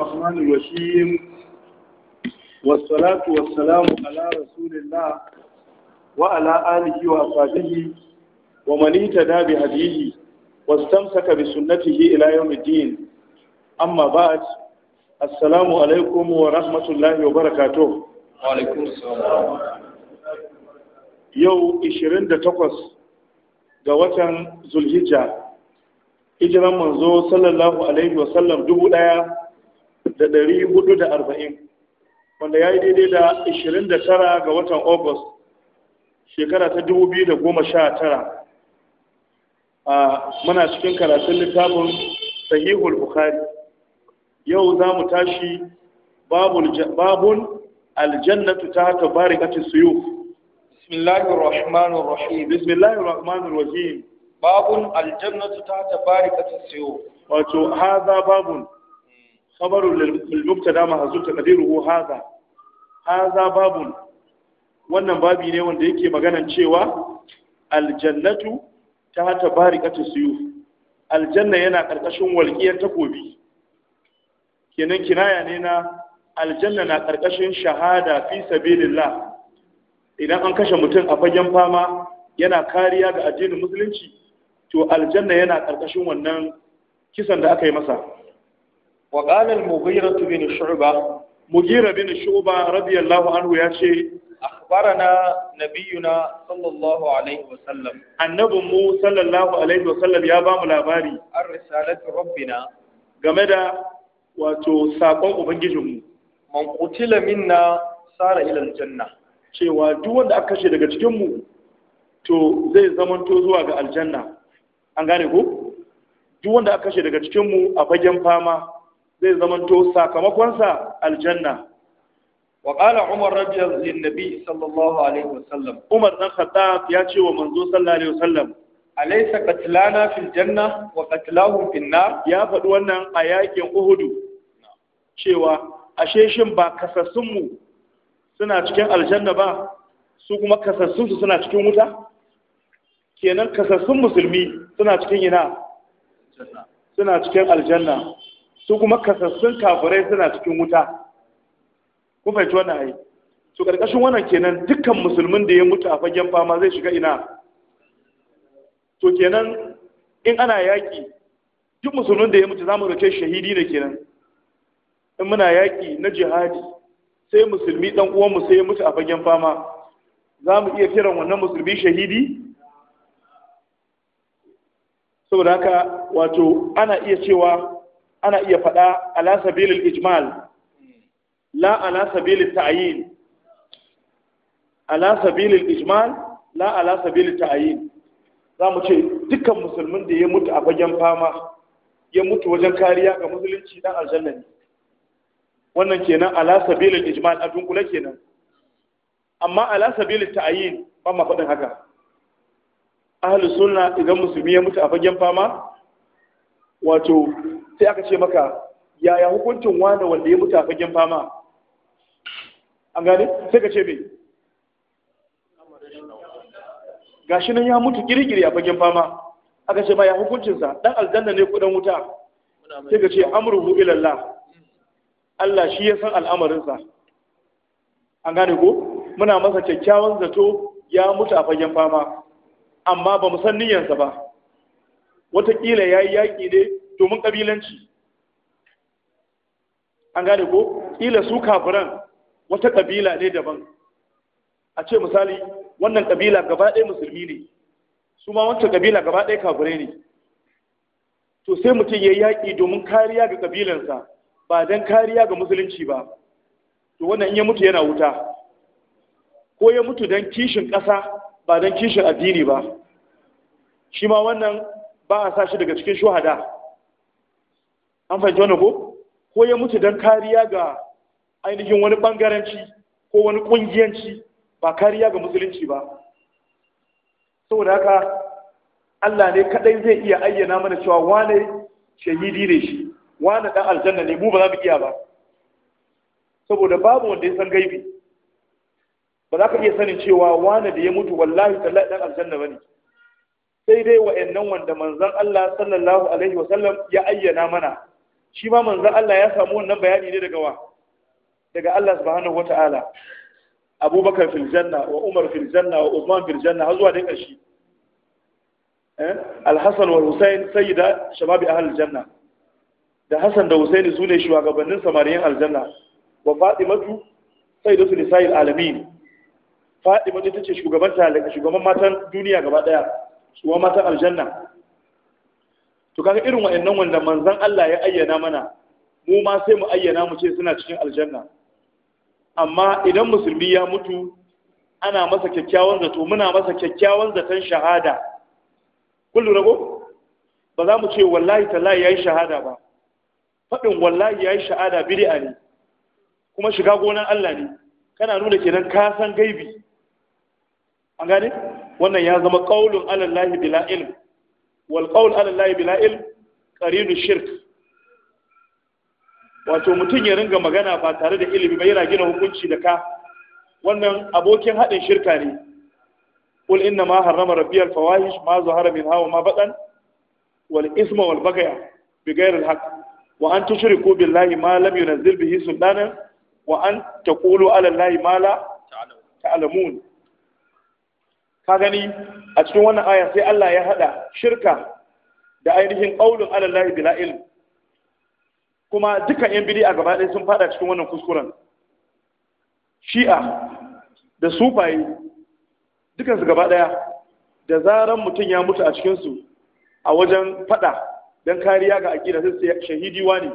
الرحمن الرحيم والصلاة والسلام على رسول الله وعلى آله وأصحابه ومن اهتدى بهديه واستمسك بسنته إلى يوم الدين أما بعد السلام عليكم ورحمة الله وبركاته وعليكم السلام يو إشرين دتقص ga watan zulhijja hijiran manzo sallallahu alaihi wasallam dubu ɗaya da ɗari hudu da arba'in wanda ya yi daidai da ishirin da tara ga watan August shekara ta dubu biyu da goma sha tara a muna cikin karatun littafin sahihul bukhari yau za mu tashi babun aljannatu ta haka bari kacin bismillahir rahmanir bismillahir rahmanir rahim babun aljannatu ta haka barikatin suyuf wato haza babun خبر للمبتدا ما حذف تقديره هذا هذا باب wannan babi ne wanda yake maganan cewa aljannatu ta hata barikatu suyuf aljanna yana karkashin walƙiyar takobi kenan kinaya ne na aljanna na karkashin shahada fi sabilillah idan an kashe mutum a fagen fama yana kariya ga addinin musulunci to aljanna yana karkashin wannan kisan da aka yi masa وقال المغيرة بن mughira bin shu'ba mughira رضي shu'ba عنه anhu ya ce akhbarana nabiyuna sallallahu alaihi wa sallam annabin mu sallallahu alaihi wa sallam ya ba mu labari an risalatu rabbina game da wato sakon ubangijinmu man qutila minna sara ila cewa duk wanda aka kashe daga cikin to zai zamanto zuwa ga aljanna an gane ko duk wanda aka kashe daga cikin mu a fagen fama zai zamanto sakamakonsa aljanna wa kala umar radiyallahu lin nabi sallallahu alaihi wasallam umar dan khattab ya ce wa manzo sallallahu alaihi wasallam alaysa qatlana fil janna wa qatlahum fil nar ya faɗi wannan a yakin uhudu cewa ashe shin ba kasassun mu suna cikin aljanna ba su kuma kasassun su suna cikin wuta kenan kasassun musulmi suna cikin ina suna cikin aljanna su kuma kasassun kafirai suna cikin wuta ku fahimci wannan ai to karkashin wannan kenan dukkan musulmin da ya mutu a fagen fama zai shiga ina to kenan in ana yaƙi duk musulmin da ya mutu zamu rake shahidi ne kenan in muna yaƙi na jihadi sai musulmi dan uwan mu sai ya mutu a fagen fama za mu iya kiran wannan musulmi shahidi saboda haka wato ana iya cewa ana iya faɗa ala sabilil ijmal la ala sabilil ta'yin ala sabilil ijmal la ala sabilil ta'yin za mu ce dukkan musulmin da ya mutu a fagen fama ya mutu wajen kariya ga musulunci dan aljanna ne wannan kenan ala sabilil ijmal a dunkule kenan amma ala sabilil ta'yin ba ma faɗin haka ahlus sunna idan musulmi ya mutu a fagen fama wato sai aka ce maka yaya hukuncin wanda wanda ya mutu a fagen fama an gane sai ka ce mai gashi nan ya mutu girgiri a fagen fama aka ce ma ya hukuncinsa dan aljanna ne kudan wuta sai ka ce amruhu ilallah Allah shi ya san al'amarinsa an gane ko muna masa kyakkyawan zato ya mutu a fagen fama amma ba mu san niyyarsa ba watakila ya yi yaƙi ne domin ƙabilanci an gane ko ƙila su kafiran wata ƙabila ne daban a ce misali wannan ƙabila gaba ɗaya musulmi ne su ma wata ƙabila gaba ɗaya kafirai ne to sai mutum ya yi yaƙi domin kariya ga ƙabilansa ba don kariya ga musulunci ba to wannan in ya mutu yana wuta ko ya mutu don kishin ƙasa ba don kishin addini ba shi ma wannan ba a sa shi daga cikin shuhada an fahimci wani ko ko ya mutu don kariya ga ainihin wani bangaranci ko wani kungiyanci ba kariya ga musulunci ba saboda haka Allah ne kadai zai iya ayyana mana cewa wane shahidi ne shi wane dan aljanna ne mu ba za mu iya ba saboda babu wanda ya san gaibi ba za ka iya sanin cewa wane da ya mutu wallahi tallahi dan aljanna ba ne. sai dai wa'annan wanda manzon Allah sallallahu alaihi wasallam ya ayyana mana shi ma manzon Allah ya samu wannan bayani ne daga wa daga Allah subhanahu wata'ala Abubakar fil janna wa Umar fil janna wa Uthman fil janna har zuwa dai ƙarshe eh Al-Hasan wal Husayn sayyida shababi ahli janna da Hassan da Husaini sune shugabannin samariyan aljanna wa Fatimatu sayyidatu nisa'il alamin Fatima ta ce shugaban shugaban matan duniya gaba daya suwa mata aljanna to kaga irin wa'annan wanda manzon Allah ya ayyana mana mu ma sai mu ayyana mu ce suna cikin aljanna amma idan musulmi ya mutu ana masa kyakkyawan zato muna masa kyakkyawan zaton shahada kullu rago ba za mu ce wallahi tallahi yayi shahada ba faɗin wallahi yayi shahada bid'a ne kuma shiga gonan Allah ne kana nuna kenan ka san gaibi an gane wannan ya zama ƙaunin ala Allah bila ilm wal qaul ala Allah bila shirk wato mutum ya ringa magana ba tare da ilimi ba yana gina hukunci da ka wannan abokin haɗin shirka ne qul inna ma harrama rabbi fawahish ma zuhara min hawa ma baɗan. wal isma wal bagaya bi ghayri al haqq wa an tushriku billahi ma lam yunzil bihi sultana wa an taqulu ala allahi ma la ta'lamun ka gani a cikin wannan aya sai Allah ya hada shirka da ainihin qaulun ala Allah bila ilm kuma duka yan a gaba ɗaya sun fada cikin wannan kuskuren shi'a da sufaye dukkan su gaba ɗaya da zaran mutum ya mutu a cikin su a wajen fada dan kariya ga aqida sai shahidi wani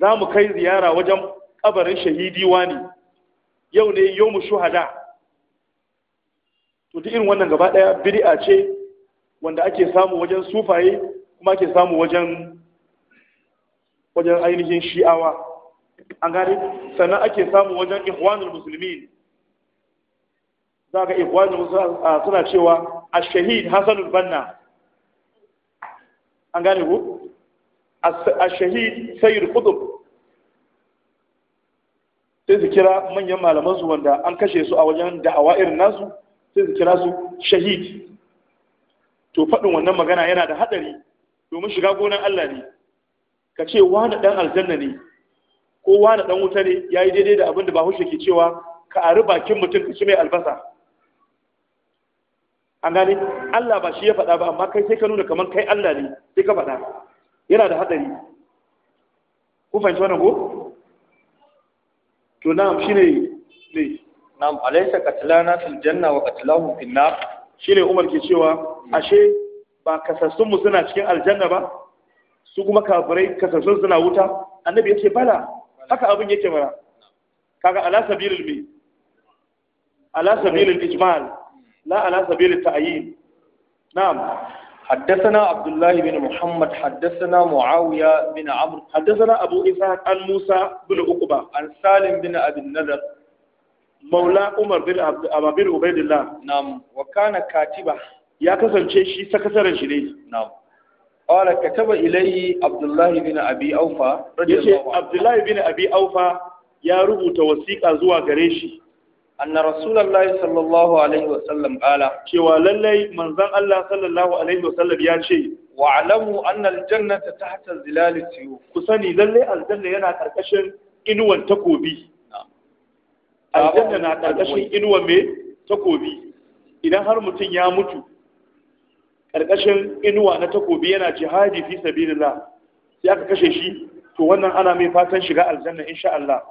za mu kai ziyara wajen kabarin shahidi wani yau ne yau mu shuhada to duk irin wannan gaba daya bid'a ce wanda ake samu wajen sufaye kuma ake samu wajen wajen ainihin shi'awa an gane sannan ake samu wajen ihwanul muslimin za ga ihwanul muslimin suna cewa ash-shahid hasanul banna an gane ku ash-shahid sayyid qutb sai su kira manyan malaman su wanda an kashe su a wajen da'awa irin nasu sai su kira su shahid to faɗin wannan magana yana da haɗari domin shiga gonan Allah ne ka ce wani ɗan aljanna ne ko wani ɗan wuta ne ya yi daidai da abin da bahaushe ke cewa ka ari bakin mutum ka ci mai albasa an gane Allah ba shi ya faɗa ba amma kai sai ka nuna kamar kai Allah ne sai ka faɗa yana da haɗari ku fahimci wannan ko to na'am shine ne nam alaysa qatlana fil janna wa qatlahu fil nar shine umar ke cewa ashe ba kasassun mu suna cikin aljanna ba su kuma kafirai kasassun suna wuta annabi yake bala haka abin yake mana kaga ala sabilil bi ala sabilil ijmal la ala sabilil ta'yin na'am حدثنا عبد الله بن محمد حدثنا معاوية بن عمرو حدثنا أبو إسحاق عن موسى بن عقبة عن سالم بن أبي النذر maula umar bin ababir ubaidillah na'am wa kana katiba ya kasance shi sakataren shi ne na'am qala kataba ilayhi abdullahi bin abi aufa yace abdullahi bin abi aufa ya rubuta wasiƙa zuwa gare shi anna rasulullahi sallallahu alaihi wa sallam qala cewa lallai manzon Allah sallallahu alaihi wa sallam ya ce wa alamu anna aljannata tahta zilal siyuf kusani lallai aljanna yana karkashin inuwan takobi aljanna na ƙarƙashin inuwa mai takobi idan har mutum ya mutu ƙarƙashin inuwa na takobi yana jihadi fi sabilillah sai aka kashe shi to wannan ana mai fatan shiga aljanna insha Allah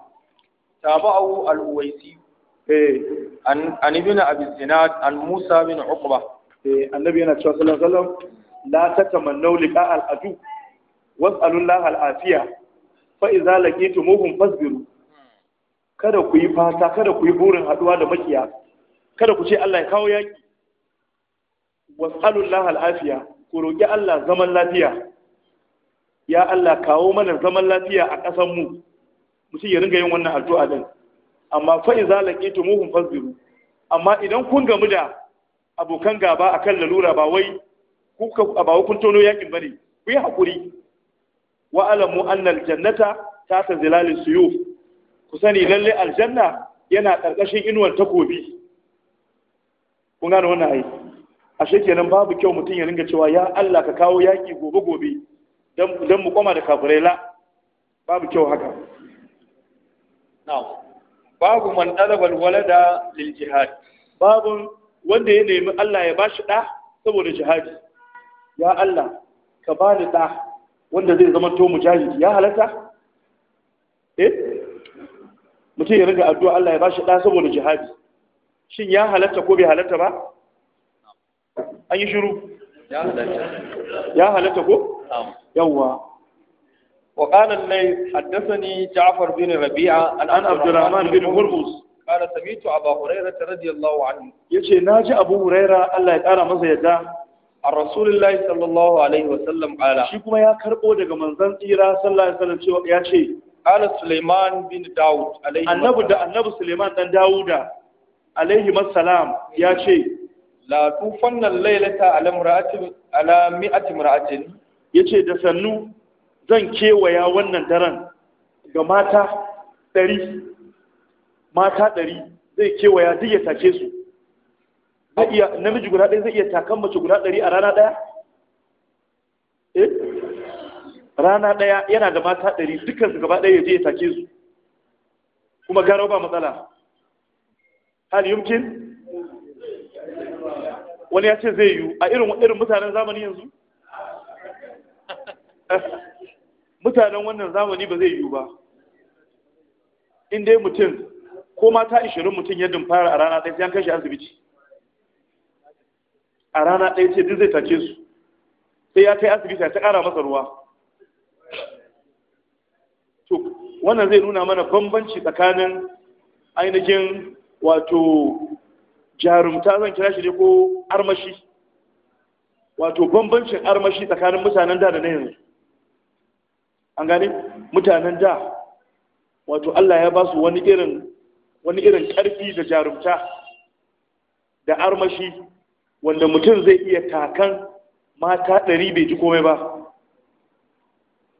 tabahu al-uwaisi eh an ibn abi zinad an musa bin uqba eh annabi yana cewa sallallahu alaihi wasallam la tatamannu liqa al-adu was'alu Allah al-afiya fa idza laqitumuhum fasbiru kada ku yi fata kada ku yi burin haduwa da makiya kada ku ce Allah ya kawo yaki lahal afiya ku roki Allah zaman lafiya ya Allah kawo mana zaman lafiya a ƙasar mu mutum ya ringa yin wannan addu'a din amma fa iza muhum fazbiru amma idan kun gamu da abokan gaba akan lalura ba wai kuka ba kun tono yakin bane ku yi hakuri wa alamu annal jannata ta ta zilalin suyuf ku sani lalle aljanna yana ƙarƙashin inuwar takobi kun gane wannan ai ashe kenan babu kyau mutum ya ringa cewa ya Allah ka kawo yaƙi gobe gobe don mu koma da kafirai la babu kyau haka babu man talabal walada lil jihad babu wanda ya nemi Allah ya bashi da saboda jihadi ya Allah ka bani da wanda zai zama to mujahidi ya halatta mutum ya riga addu'a Allah ya ba shi ɗa saboda jihadi shin ya halatta ko bai halatta ba an yi shiru ya halatta ko yawwa وقال الليث حدثني جعفر بن ربيعة عن عبد الرحمن بن هرمز قال سمعت أبا هريرة رضي الله ya يجي ناجي أبو هريرة الله يقال مزا يدا عن رسول الله صلى الله daga manzon tsira sallallahu alaihi wasallam cewa ya ce قال سليمان بن داود عليه النبي ده النبي سليمان بن yace da sannu zan kewaya wannan daren ga mata ɗari zai kewaya duk ya take su namiji guda ɗaya zai iya takan mace guda ɗari a rana ɗaya eh? rana ɗaya yana da mata ɗari dukkan su gaba ɗaya ya je ya take su kuma garo ba matsala hal yumkin wani ya ce zai yiwu a irin irin mutanen zamani yanzu mutanen wannan zamani ba zai yiwu ba in dai mutum ko mata ishirin mutum yadda fara a rana ɗaya sai an kai shi asibiti a rana ɗaya ce duk zai take su sai ya kai asibiti ta ƙara masa ruwa to wannan zai nuna mana bambanci tsakanin ainihin wato jarumta zan kira shi ne ko armashi wato bambancin armashi tsakanin mutanen da da na yanzu an gane mutanen da wato Allah ya ba su wani irin wani irin ƙarfi da jarumta da armashi wanda mutum zai iya takan mata ɗari bai ji komai ba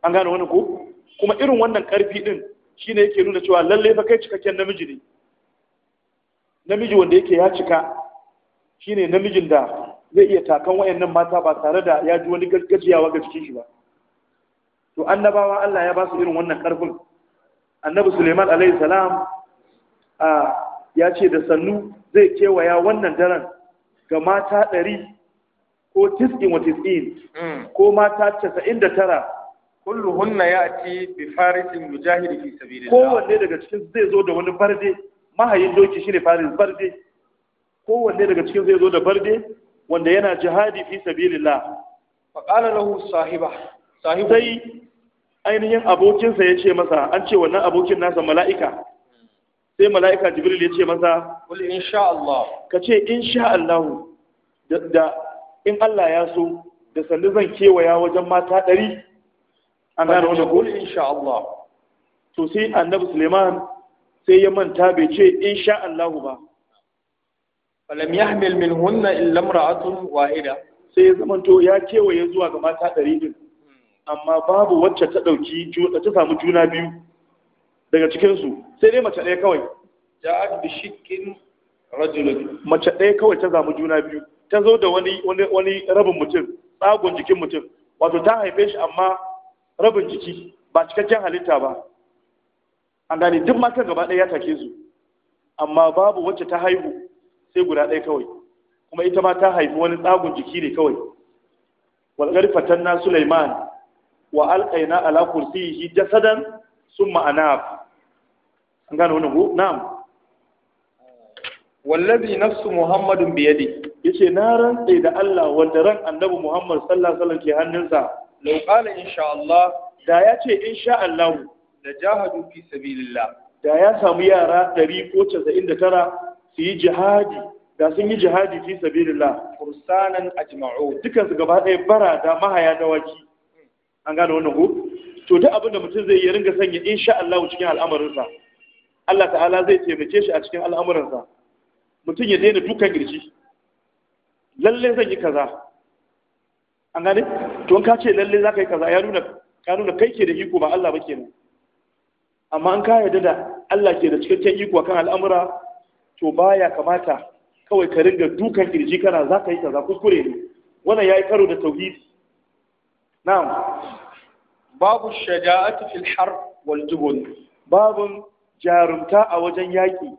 an gane wani ko kuma irin wannan ƙarfi ɗin shine yake nuna cewa lallai fa kai cikakken namiji ne namiji wanda yake ya cika shine namijin da zai iya takan wayannan mata ba tare da ya ji wani gajiyawa ga cikin shi ba to annabawa Allah ya ba su irin wannan ƙarfin annabi Suleiman alaihi salam a ya ce da sannu zai kewaya wannan daren ga mata ɗari ko tis'in wa tis'in hmm. ko mata casa'in da tara kulluhunna ya'ti bi farisin mujahidi fi sabilillah kowanne daga cikin zai zo da wani barde mahayin doki shine faris barde kowanne daga cikin zai zo da barde wanda yana jihadi fi sabilillah fa qala lahu sahiba sahibu sai ainihin abokinsa ya ce masa an ce wannan abokin nasa mala'ika sai mala'ika jibril ya ce masa wal insha Allah ka ce insha Allah da in Allah ya so da sannu zan kewaya wajen mata ɗari an gane wani ko insha Allah to sai annabi Suleiman sai ya manta bai ce insha Allah ba falam yahmil minhunna illa imra'atun wahida sai ya zamanto ya kewaye zuwa ga mata ɗari din hmm. amma babu wacce ta ɗauki ta samu juna biyu daga cikinsu sai dai mace ɗaya kawai ja'at bi shikkin rajulun mace ɗaya kawai ta samu juna biyu ta zo da wani wani wani rabin mutum tsagon jikin mutum wato ta haife shi amma rabin jiki ba cikakken halitta ba an gane duk matan gaba ɗaya ya take su amma babu wacce ta haihu sai guda ɗaya kawai kuma ita ma ta haifi wani tsagun jiki ne kawai walgar fatanna Sulaiman wa alƙaina ala kursiyihi jasadan sun ma'ana an gane wani ko na'am wallazi nafsu muhammadun biyadi yace na rantse da Allah wanda ran annabi Muhammad sallallahu ke hannunsa lau qala insha Allah da ya ce insha Allah da jahadu fi sabilillah da ya samu yara 199 su yi jihadi da sun yi jihadi fi sabilillah kursanan ajma'u dukan su gaba ɗaya bara da mahaya dawaki an gane wannan ko to duk abin da mutum zai yi ringa sanya insha Allah cikin al'amarinsa Allah ta'ala zai taimake shi a cikin al'amuransa mutum ya daina dukan girji lalle zan yi kaza an gane to in ka ce lalle za ka yi kaza ya nuna kai ke da iko ba Allah ba ke nan. amma an ka yarda da Allah ke da cikakken iko kan al'amura to baya kamata kawai ka ringa dukan kirji kana za ka yi kaza kuskure ne wannan yayi karo da tauhidi na'am babu shaja'atu fil harb wal jubun babu jarumta a wajen yaki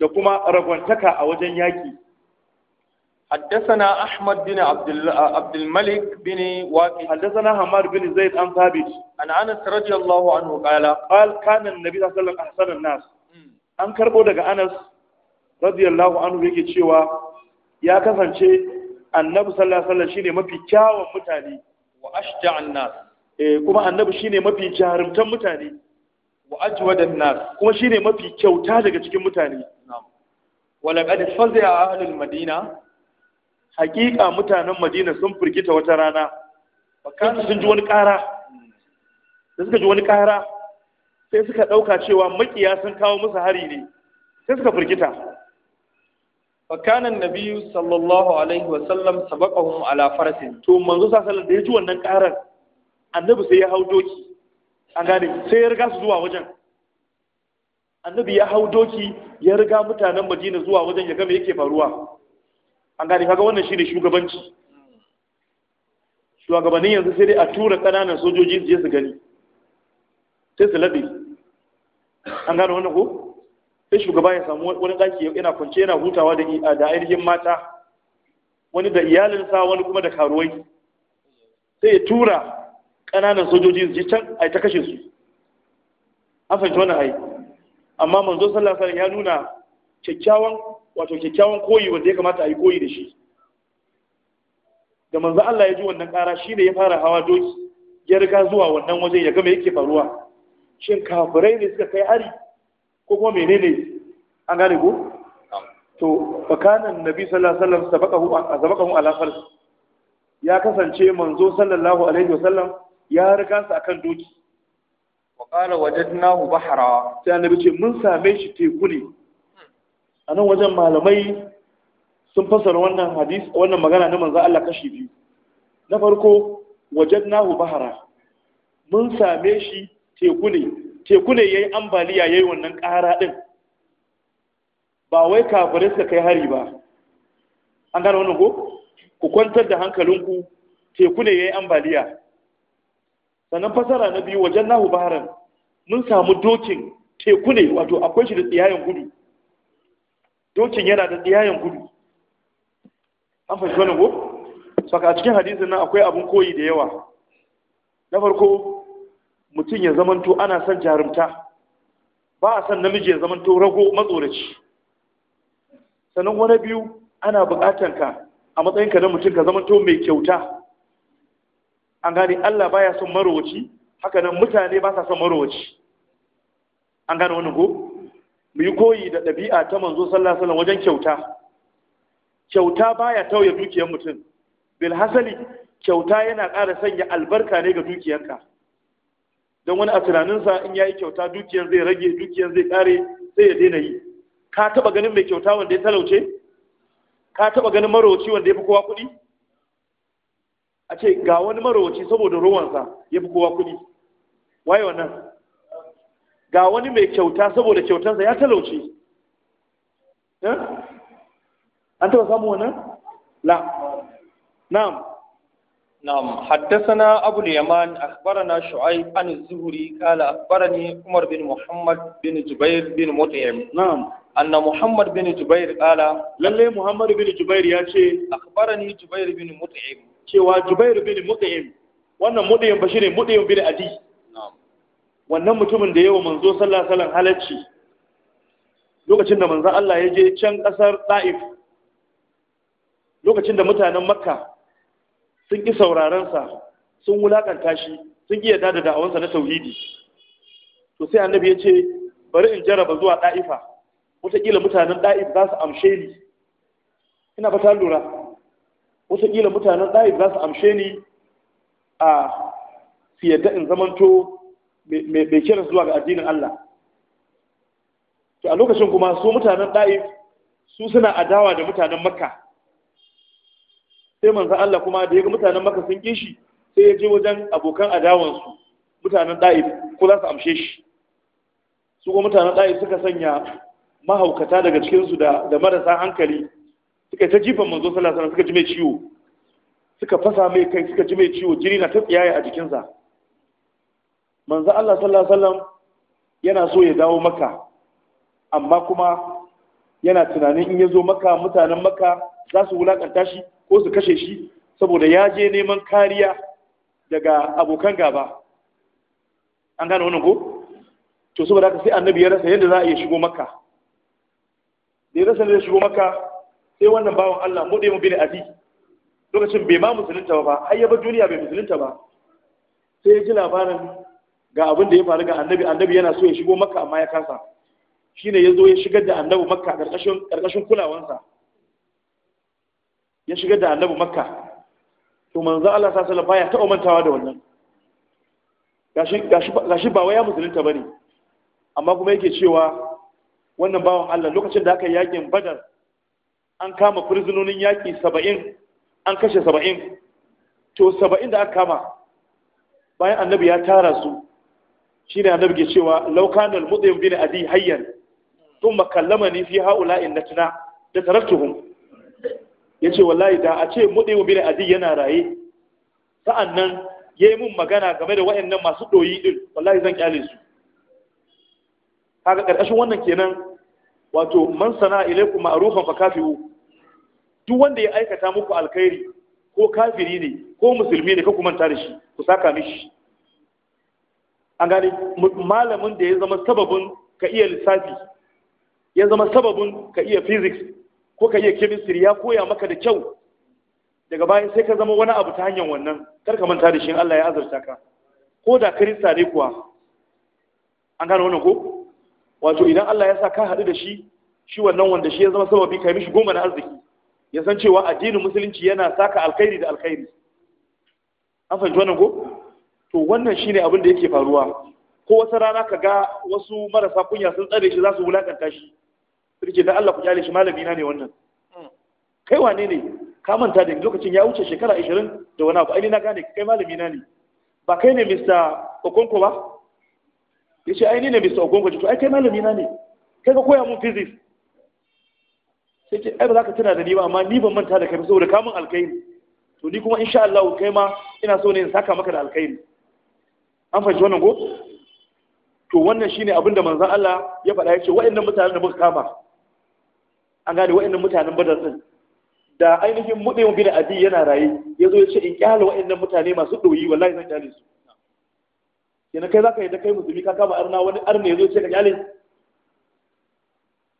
da kuma ragwantaka a wajen yaki حدثنا أحمد بن عبد عبد الملك بن واقي حدثنا حماد بن زيد عن ثابت عن أنس رضي الله عنه قال قال كان النبي صلى الله عليه وسلم الناس an karbo daga Anas radiyallahu anhu yake cewa ya kasance annabi sallallahu alaihi wasallam shine mafi kyawun mutane wa ashta'an nas eh kuma annabi shine mafi jarumtan mutane wa ajwadan nas kuma shine mafi kyauta daga cikin mutane na'am wa laqad fazi'a ahlul madina hakika mutanen madina sun firgita wata rana bakansu sun ji wani kara da suka ji wani kara sai suka dauka cewa makiya sun kawo musu hari ne sai suka firgita bakanan Nabiyu sallallahu alaihi wa sallam sabaqahum ala farasin to manzo sallallahu da ya ji wannan karar annabi sai ya hau doki an gane sai ya riga su zuwa wajen annabi ya hau doki ya riga mutanen madina zuwa wajen ya ga me yake faruwa an gane kaga wannan shine shugabanci shugabannin yanzu sai dai a tura ƙananan sojoji su je su gani sai su labe an gane wannan ko sai shugaba ya samu wani ɗaki yana kwance yana hutawa da da ainihin mata wani da iyalinsa wani kuma da karuwai sai ya tura ƙananan sojoji su je can a ta kashe su an fahimci wannan ai amma manzo sallallahu alaihi wasallam ya nuna kyakkyawan wato kyakkyawan koyi wanda ya kamata a yi koyi da shi da manzo Allah ya ji wannan ƙara shi ne ya fara hawa doki ya riga zuwa wannan waje ya gama yake faruwa shin kafirai ne suka kai hari ko kuma menene an gane ko to fakanan nabi sallallahu alaihi wasallam sabaqahu sabaqahu ala fars ya kasance manzo sallallahu alaihi wasallam ya riga su akan doki wa qala wajadnahu bahra sai annabi ce mun same shi teku ne a nan wajen malamai sun fasara wannan hadis wannan magana na manzo Allah kashi biyu na farko wajadnahu bahara mun same shi teku ne teku ne yayi ambaliya yayi wannan ƙara din ba wai kafirai suka kai hari ba an gane wannan ko ku kwantar da hankalinku teku ne yayi ambaliya sannan fasara na biyu wajen nahu baharan mun samu dokin teku ne wato akwai shi da tsiyayen gudu dokin yana da diyayen gudu an fahimci wani ko saka a cikin hadisun nan akwai abin koyi da yawa na farko mutum ya zamanto ana son jarumta ba a son namiji ya zamanto rago matsoraci sannan wani biyu ana bukatan ka a matsayinka na mutum ka zamanto mai kyauta an gane Allah baya son marowaci haka nan mutane ba sa son marowaci an gane wani ko mu yi koyi da ɗabi'a ta manzo sallallahu alaihi wajen kyauta kyauta baya tauye dukiyar mutum bil hasali kyauta yana ƙara sanya albarka ne ga dukiyarka don wani a tunaninsa in ya yi kyauta dukiyar zai rage dukiyar zai ƙare sai ya daina yi ka taɓa ganin mai kyauta wanda ya talauce ka taɓa ganin marowaci wanda ya fi kowa kuɗi a ce ga wani marowaci saboda ruwansa ya fi kowa kuɗi waye wannan ga wani mai kyauta saboda kyautansa ya talauci. Eh? an taba samu wannan na'am na'am haddasana abu yaman akbarana shu'aib an zuhuri kala akbarani umar bin muhammad bin jubair bin mut'im na'am أن محمد بن جبير قال لله محمد بن جبير ياتي bin جبير Cewa مطعم bin جبير wannan مطعم ba مطعم بشير مطعم بن أدي wannan mutumin da yawa manzo sallallahu alaihi wasallam halacci lokacin da manzo Allah ya je can kasar Taif lokacin da mutanen Makka sun ƙi sauraron sun wulakanta shi sun iya yarda da da'awansa na tauhidi to sai annabi ya ce bari in jaraba zuwa Taifa wataƙila mutanen Taif za su amshe ni ina ba ta lura wataƙila mutanen Taif za su amshe ni a su in zamanto mai kira zuwa ga addinin Allah to a lokacin kuma su mutanen da'if su suna adawa da mutanen makka sai manzan Allah kuma da ya ga mutanen makka sun ƙi shi sai ya je wajen abokan adawansu mutanen da'if ko za su amshe shi su kuma mutanen da'if suka sanya mahaukata daga cikinsu da marasa hankali suka ta jifan manzo sallallahu alaihi suka ji mai ciwo suka fasa mai kai suka ji mai ciwo jini na ta tsiyaye a jikinsa manzo Allah sallallahu alaihi wasallam yana so ya dawo maka amma kuma yana tunanin in ya zo maka mutanen maka za su wulakanta shi ko su kashe shi saboda ya je neman kariya daga abokan gaba an gane wannan ko to saboda haka sai annabi ya rasa yadda za a iya shigo maka da ya rasa ne shigo maka sai wannan bawan Allah muɗe mu bin adi lokacin bai ma musulunta ba har ya bar duniya bai musulunta ba sai ya ji labarin ga abin da ya faru ga annabi annabi yana so ya shigo makka amma ya kasa shine ya zo ya shigar da annabi makka karkashin ƙarƙashin kulawansa ya shigar da annabi makka to manzo Allah sallallahu alaihi wasallam baya ta mantawa da wannan gashi gashi gashi ba waya musulunta bane amma kuma yake cewa wannan bawan Allah lokacin da aka yakin Badar an kama prisonin yaki 70 an kashe 70 to 70 da aka kama bayan annabi ya tara su shine annabi ke cewa law kana mudhim bin adi hayyan thumma kallamani fi haula'in natna da taraktuhum yace wallahi da a ce mudhim bin adi yana raye sa'annan yayi mun magana game da wayannan masu ɗoyi din wallahi zan kyale su kaga karkashin wannan kenan wato man sana ku ma'rufan fa kafiu duk wanda ya aikata muku alkhairi ko kafiri ne ko musulmi ne ka ku manta da shi ku saka mishi an gane malamin da ya zama sababin ka iya lissafi ya zama sababin ka iya physics ko ka iya chemistry ya koya maka da kyau daga bayan sai ka zama wani abu ta hanyar wannan kar ka manta da shi Allah ya azurta ka ko da krista ne kuwa an gane wannan ko wato idan Allah ya sa ka haɗu da shi shi wannan wanda shi ya zama sababi kai mishi goma na arziki ya san cewa addinin musulunci yana saka alkhairi da alkhairi an fahimci wannan ko to wannan ne abin da yake faruwa ko wata rana ka ga wasu marasa kunya sun tsare shi za su wulakanta shi suke da Allah ku kyale shi malami na ne wannan hmm. kai wane ne ka manta da lokacin ya wuce shekara 20 da wani abu Aini na gane kai malami na ne ba kai ne Mr. Okonko ba Ya ce aini ne Mr. Okonko to ai kai malami na ne kai ka koya mun physics sai ce ai ba za ka tuna da ni ba amma ni ban manta da kai saboda kamun alkhairi to ni kuma insha Allah kai ma ina so ne in saka maka da alkhairi an fahimci wannan ko to wannan shine abin da manzon Allah ya faɗa yace wa'annan mutanen da muka kama an gane wa'annan mutanen badar din da ainihin muɗe mu bin adi yana raye ya zo ya ce in kyala wa'annan mutane masu ɗoyi wallahi zan kyale su yana kai zaka da kai musulmi ka kama arna wani arna ya zo ya ce ka kyale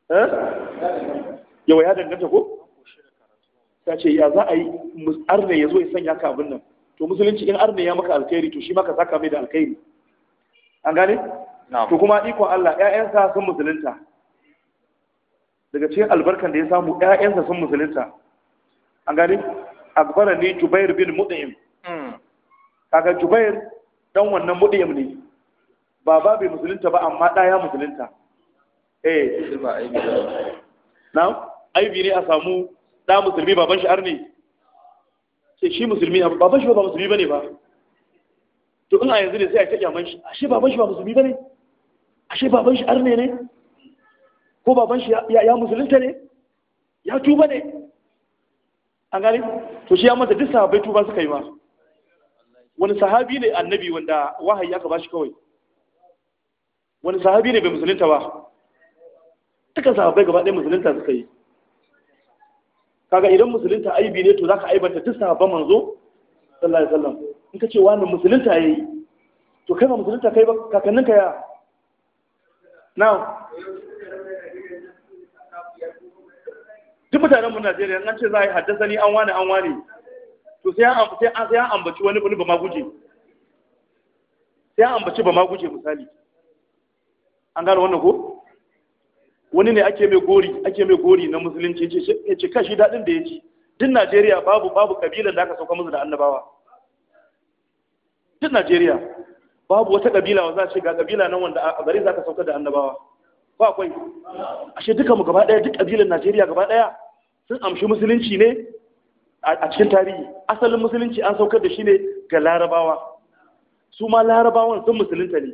eh yawa ya danganta ko ta ce ya za a yi arna ya zo ya sanya ka abin nan to musulunci in arne ya maka alkhairi to shi maka saka mai da alkhairi an gane to kuma ikon Allah ƴaƴansa sun musulunta daga cikin albarkan da ya samu ƴaƴansa sun musulunta an gane akbara ne Jubair bin Mut'im hmm. kaga Jubair dan wannan Mut'im ne baba bai musulunta ba amma ɗa ya musulunta eh na aibi ne a samu ɗa musulmi baban shi arne sai shi musulmi na baban shi ba musulmi bane ba to in a yanzu ne sai a ta kyaman shi ashe baban shi ba musulmi bane ashe baban shi arne ne ko baban shi ya musulunta ne ya tuba ne an gane to shi ya mata duk sahabbai tuba suka yi ma wani sahabi ne annabi wanda wahayi aka bashi kawai wani sahabi ne bai musulunta ba duka sahabbai gaba ɗaya musulunta suka yi kaga idan musulunta aibi ne to zaka aibanta duk sahabban manzo sallallahu alaihi wasallam in ka ce wannan musulunta yayi to kai ba musulunta kai ba kakannin ka ya na duk mutanen mu Najeriya an ce za a yi haddasa ni an wani an wani to sai an sai an sai an ambaci wani wani ba ma guje sai an ambaci ba ma guje misali an gane wannan ko wani ne ake mai gori ake mai gori na musulunci ya ce kashi daɗin da ya ci duk najeriya babu babu ƙabilar da aka sauka musu da annabawa duk najeriya babu wata ƙabila wa za a ce ga ƙabila nan wanda a gare za ka sauka da annabawa ko akwai ashe duka mu gaba ɗaya duk ƙabilar najeriya gaba ɗaya sun amshi musulunci ne a cikin tarihi asalin musulunci an saukar da shi ne ga larabawa su ma larabawan sun musulunta ne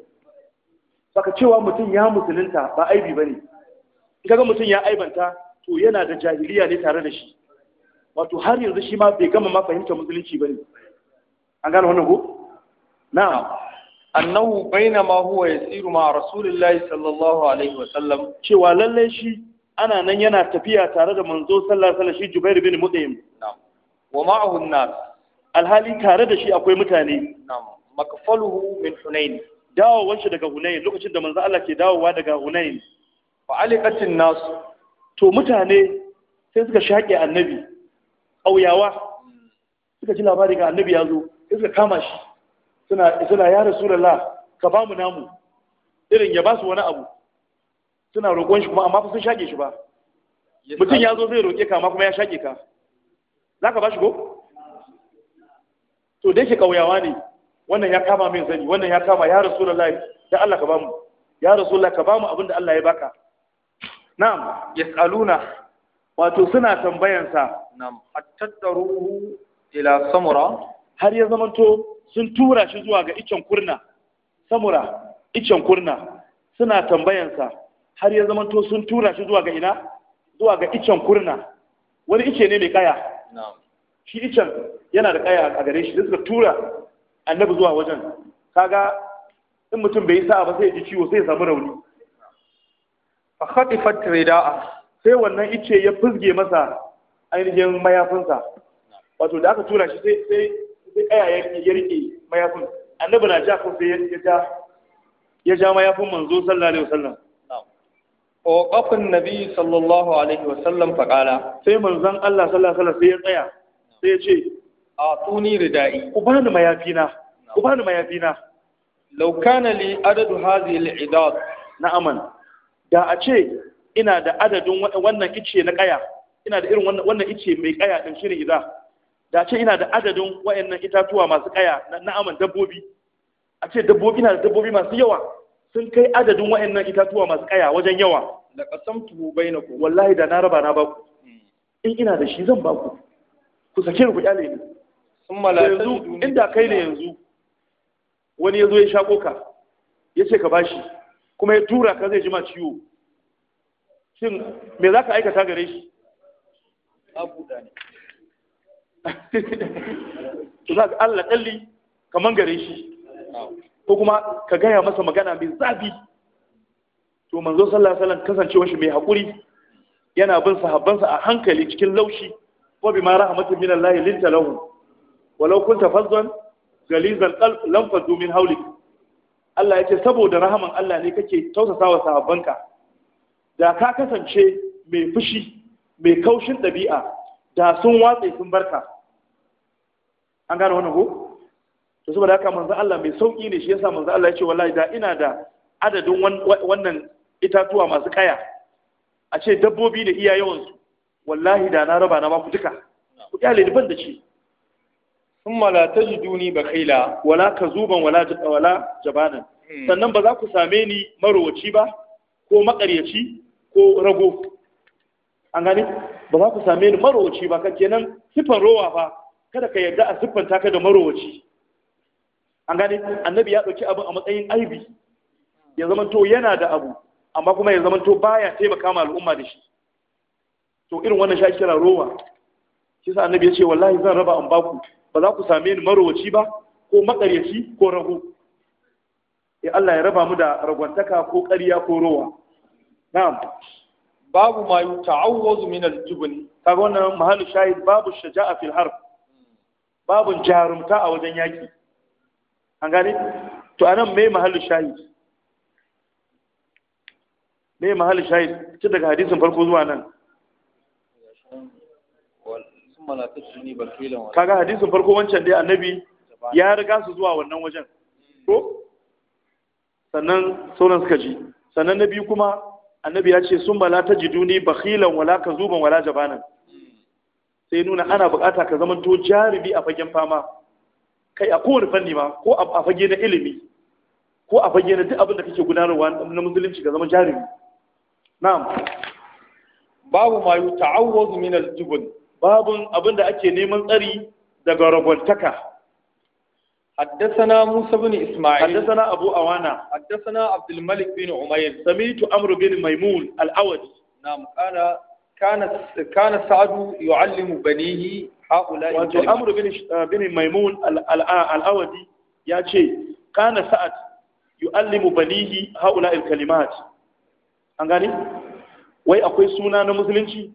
saka cewa mutum ya musulunta ba aibi ba ne kaga mutum ya aibanta to yana da jahiliya ne tare da shi wato har yanzu shi ma bai gama ma fahimta musulunci bane an gane wannan ko na'am annahu bainama huwa yasiru ma rasulillahi sallallahu alaihi wa sallam cewa lalle shi ana nan yana tafiya tare da manzo sallallahu alaihi wa sallam shi Jubair bin Mutaim na'am wa ma'ahu an-nas alhali tare da shi akwai mutane na'am makfaluhu min Hunain shi daga Hunain lokacin da manzo Allah ke dawowa daga Hunain fa’alikacin nasu to mutane sai suka shaƙe annabi ƙauyawa suka ci labari ga annabi ya zo sai suka kama shi suna rasu da la, ka ba mu namu irin ya ba su wani abu suna roƙon shi kuma amma fi sun shaƙe shi ba mutum ya zo zai roƙe ka amma kuma ya shaƙe ka za ka ba shi ko to da yake ƙauyawa ne wannan ya kama min sani wannan ya kama ya rasu da Allah ka ba mu ya la, ka ba mu abin da Allah ya baka na'am yas'aluna wato suna tambayansa ila samura har ya zamanto sun tura shi zuwa ga icen kurna samura icen kurna suna har ya sun tura shi zuwa ga ina zuwa ga icen kurna wani ice ne mai kaya shi icen yana da kaya a gare shi da suka tura annabi zuwa wajen kaga in mutum bai yi ba sai ya ji ciwo sai ya samu rauni fa khatifat rida'a sai wannan ice ya fizge masa ainihin mayafinsa wato da aka tura shi sai sai sai kaya ya rike mayafin annabi na ja kun sai ya ja ya ja mayafin manzo sallallahu alaihi wasallam وقف nabi sallallahu alaihi wasallam fa kala sai manzon Allah sallallahu alaihi wasallam sai ya tsaya sai ya ce a tuni ridai ku bani mayafina ku bani mayafina law kana li adadu hadhihi al-idad na'aman da a ce ina da adadin wannan ice na kaya ina da irin wannan ice mai kaya din shirin iza da a ce ina da adadin wayannan itatuwa masu kaya na aman dabbobi a ce dabbobi na da dabbobi masu yawa sun kai adadin wayannan itatuwa masu kaya wajen yawa Da kasamtu qasamtu ku. wallahi da na raba na baku hmm. in ina da shi zan baku ku sake ku kyale ni sun la yanzu inda kai ne yanzu wani yazo ya shako ka yace ka bashi kuma ya tura ka zai ji ma ciwo shin me za ka aikata gare shi to za ka Allah ɗalli kamar gare shi ko kuma ka gaya masa magana mai zafi to manzo sallallahu alaihi wasallam kasancewar shi mai hakuri yana bin sahabbansa a hankali cikin laushi ko bi rahmatin min Allah lintalahu lahu walau kunta fazzan galizan qalb lam fadu min hawlik Allah ya ce saboda rahaman Allah ne kake tausasa wa sahabbanka da ka kasance mai fushi mai kaushin ɗabi'a da sun watsa sun barka an gane wannan ko to saboda haka manzo Allah mai sauki ne shi yasa manzo Allah ya ce wallahi da ina da adadin wannan itatuwa masu kaya a ce dabbobi da iya yawansu wallahi da na raba na ba ku duka ku kyale ni ban da shi thumma la tajiduni bakhaila wala kazuban wala wala jabanan hmm. sannan ba za ku same ni marowaci ba ko makaryaci ko rago an gani ba za ku same ni marowaci ba nan sifan rowa ba, kada ka yarda a siffanta ka da marowaci an gani annabi ya ɗauki abu a matsayin aibi ya zamanto yana da abu amma kuma ya zamanto baya taimaka ma al'umma da shi to irin wannan shi kira rowa shi sa annabi ya ce wallahi zan raba an baku ba za ku same ni marowaci ba ko makaryaci ko rago ya eh, Allah ya raba mu da ragwantaka ko ƙarya ko rowa na'am babu ma yuta'awwazu min al-jubn kaga wannan mahallu shahid babu shaja'a fil harb babu jarumta a wajen yaki an gane to anan me mahallu shahid me mahallu shahid tun daga hadisin farko zuwa nan kaga hadisin farko wancan dai annabi ya riga su zuwa wannan wajen ko sannan sauran suka ji sannan na biyu kuma annabi ya ce sun bala ta jiduni bakhilan wala zuban wala jabanan sai nuna ana bukata ka zama to jarumi a fagen fama kai a kowane fanni ma ko a fage na ilimi ko a fage na duk abin da kake gudanarwa na musulunci ka zama jarumi na'am babu mayu yu ta'awwazu min al-jubn babun abin da ake neman tsari daga ragwantaka حدثنا موسى بن إسماعيل حدثنا أبو أوانا حدثنا عبد الملك بن عمير سمعت أمر بن ميمون الأوج نعم قال كان كان سعد يعلم بنيه هؤلاء وأمر بن بن ميمون الأودي يا شيء كان سعد يعلم بنيه هؤلاء الكلمات an gane wai akwai suna na musulunci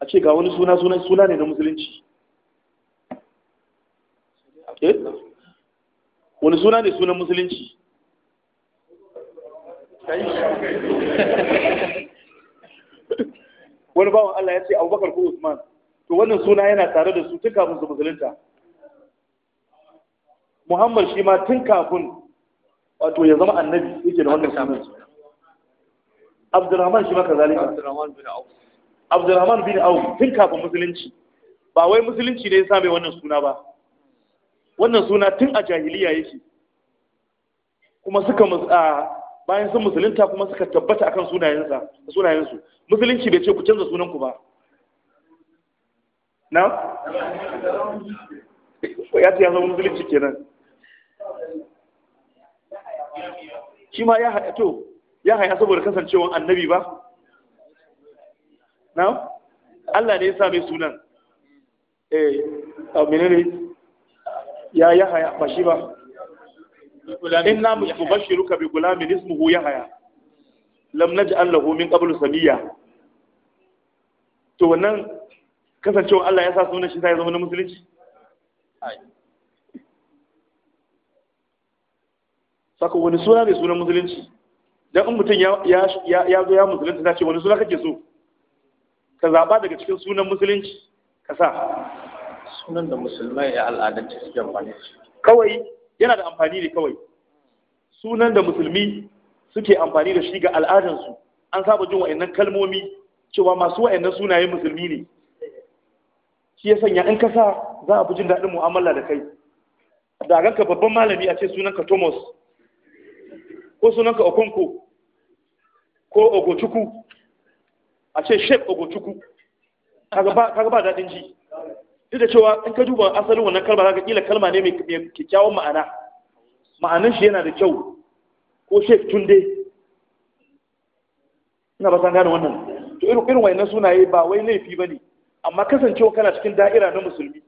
a ce ga wani suna sunan suna ne na musulunci eh? wani suna ne sunan musulunci wani bawan Allah ya ce abubakar ko usman to wannan suna yana tare da su tun kafin su musulunta muhammad shi ma tun kafin wato ya zama annabi yake da wannan samun abdurrahman shi ma zalika abdurrahman bin auf abdurrahman bin awu tun kafin musulunci ba wai musulunci ne ya same wannan suna ba wannan suna tun a jahiliya yake kuma suka bayan sun musulunta kuma suka tabbata akan sunayensa sunayensu musulunci bai ce ku canza sunanku ba na ya ce ya zama musulunci kenan shi ma ya haya to ya haya saboda kasancewar annabi ba na Allah ne ya sa mai sunan eh a ne ya yahaya ba shi ba In na inna ruka bi gulamin ismuhu haya lam naj'al lahu min qablu samiyya to wannan kasancewa Allah ya sa sunan shi sai zama na musulunci saka wani suna ne sunan musulunci dan in mutum ya zo ya musulunci, ta ce wani suna kake so ka zaɓa daga cikin sunan musulunci ka sa sunan da musulmai a al'adance suke amfani da kawai yana da amfani ne kawai sunan da musulmi suke amfani da shi ga al'adansu an saba jin wa'annan kalmomi cewa masu wa'annan sunaye musulmi ne shi ya sanya in ka sa za a fi jin daɗin mu'amala da kai da ganka babban malami a ce sunanka thomas ko sunanka okonko ko ogochukwu a ce shek ogochukwu kaga ba daɗin ji duk da cewa in ka duba asalin wannan kalma za kila kalma ne mai kyakkyawan ma'ana ma'anin shi yana da kyau ko shek tunde ina ba san gane wannan to irin irin wayannan sunaye ba wai laifi bane amma kasancewa kana cikin da'ira na musulmi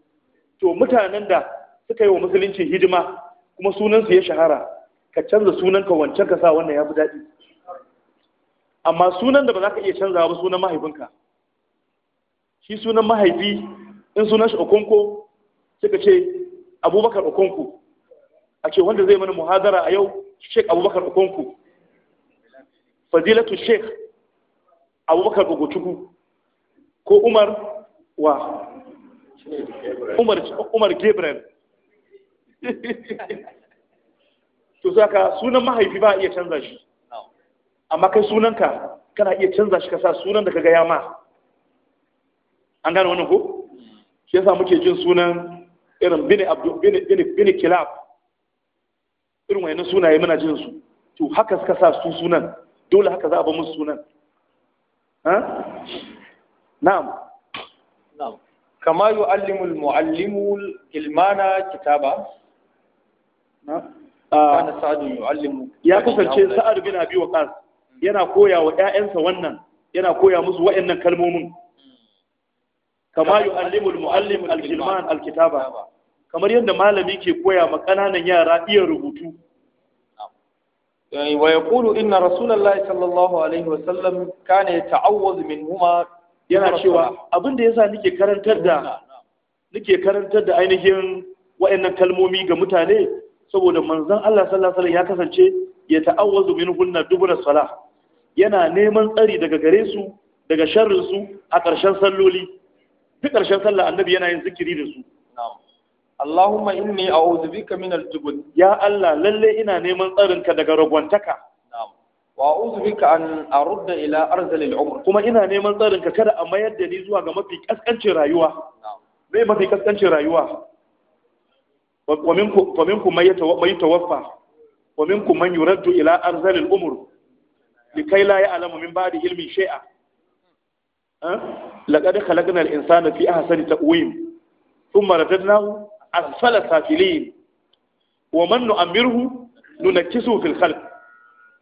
to mutanen da suka yi wa musulunci hidima kuma sunansu ya shahara ka canza sunanka wancan ka sa wannan ya fi daɗi amma sunan da ba za ka iya canzawa ba sunan mahaifinka shi sunan mahaifi in sunan shi okonko suka ce abubakar okonko a ce wanda zai mana muhadara a yau sheik abubakar okonko fadilatu sheik abubakar ogochukwu ko umar wa umar gabriel to saka sunan mahaifi ba a iya canza shi amma kai sunanka kana iya canza shi ka sa sunan da ka gaya ma an gane wani ko shi yasa muke jin sunan irin bini abdu bini bini kilab irin wayannan sunaye muna jin su to haka suka sa su sunan dole haka za a ba musu sunan ha na'am na'am kama yu'allimu al-mu'allimu al-ilmana kitaba na'am kana ah. sa'adu yu'allimu ya kasance sa'ad bin abi waqas yana koya wa ‘ya'yansa wannan yana koya musu wa'yannan kalmomin kama yi allimul mu'allim alkilman alkitaba kamar yadda malami ke koya ma ƙananan yara iya rubutu eh, wa ya kulu inna rasulallah sallallahu alaihi wasallam kana ne ta'awwaz min huma yana cewa abin da yasa nake karantar da nake karantar da ainihin wa'annan kalmomi ga mutane saboda manzon Allah sallallahu alaihi wasallam ya kasance ya ta'awwazu min hunna na Sala. yana neman tsari daga gare su daga sharrin su a ƙarshen salloli duk ƙarshen sallah annabi yana yin zikiri da su Allahumma inni a'udhu bika min al-jubn ya Allah lalle ina neman tsarin ka daga ragwantaka wa a'udhu bika an arudda ila arzal al-umr kuma ina neman tsarin ka kada a mayar da ni zuwa ga mafi kaskancin rayuwa zai mafi kaskancin rayuwa wa minkum man yatawaffa wa minkum man yuraddu ila arzal al-umr kai la ya'lamu min da ilmin shay'a laqad khalaqna al-insana fi ahsani taqwim thumma radadnahu asfala safilin wa man nu'ammirhu nunakkisu fil khalq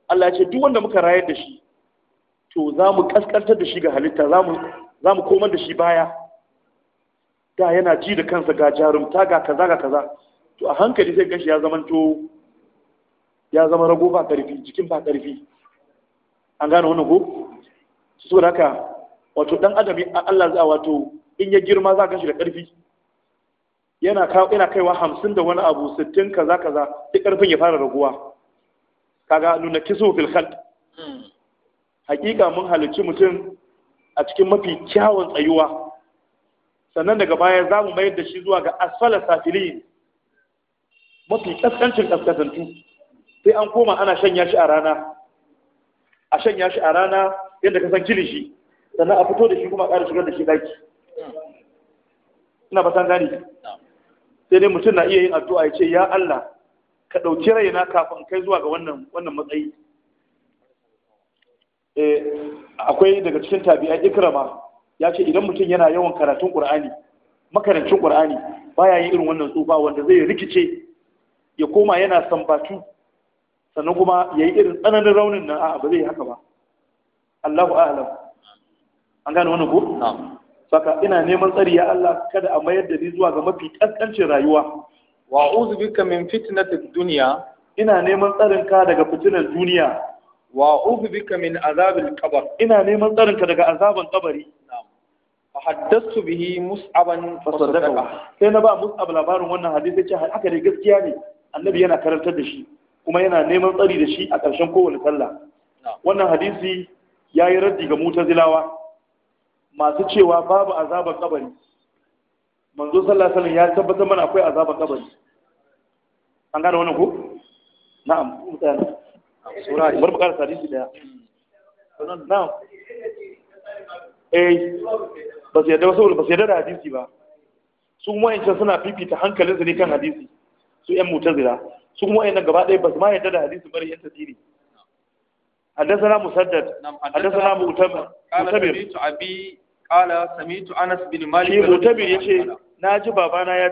Allah ya ce duk wanda muka rayar da shi to za mu kaskantar da shi ga halitta za mu komar da shi baya da yana ji da kansa ga jarumta ga kaza ga kaza to a hankali sai gashi ya zama to ya zama rago ba karfi jikin ba karfi an gane wannan ko so haka wato dan adam Allah za wato in ya girma za ka shi da karfi yana kaiwa hamsin da wani abu sittin kaza kaza duk karfin ya fara raguwa kaga nuna kisu fil khalq hakika mun halicci mutum a cikin mafi kyawun tsayuwa sannan daga baya za mu mayar da shi zuwa ga asfala safilin mafi kaskancin kaskasantu sai an koma ana shanya shi a rana a shanya shi a rana yadda ka san kilishi sannan a fito da shi kuma ƙara shigar da shi daki ina fatan gani sai dai mutum na iya yin addu'a ya ce ya Allah ka ɗauki raina kafin kai zuwa ga wannan matsayi eh, akwai daga cikin tabi'a ikrama ya ce idan mutum yana yawan karatun qur'ani makarancin qur'ani baya yin irin wannan tsufa wanda zai rikice ya koma yana sambatu sannan kuma ya yi irin tsananin raunin nan a'a ba zai yi haka ba Allahu a'lam an gane wani ko saka ina neman tsari ya Allah kada a mayar da ni zuwa ga mafi kaskancin rayuwa wa a'udhu bika min fitnatid duniya. ina neman tsarin ka daga fitinar duniya wa a'udhu bika min azabil qabr ina neman tsarin ka daga azaban kabari haddastu bihi mus'aban fasaddaqa sai na ba mus'ab labarin wannan hadisi ce haka ne gaskiya ne annabi yana karantar da shi kuma yana neman tsari da shi a ƙarshen kowane sallah wannan hadisi ya yi raddi ga zilawa masu cewa babu azabar kabari manzo sallah alaihi ya tabbatar mana akwai azabar kabari an gane wannan ko na'am mutane bar bukar hadisi daya na'am eh ba su yadda ba saboda ba su yadda da hadisi ba su can suna fifita hankalinsu ne kan hadisi su 'yan mutazila sun wa'in nan gaba ɗaya ba su ma yadda da hadisi bari yanta tiri haddasa musaddad haddasa na mutabir kala samitu anas bin malik ya ce na ji babana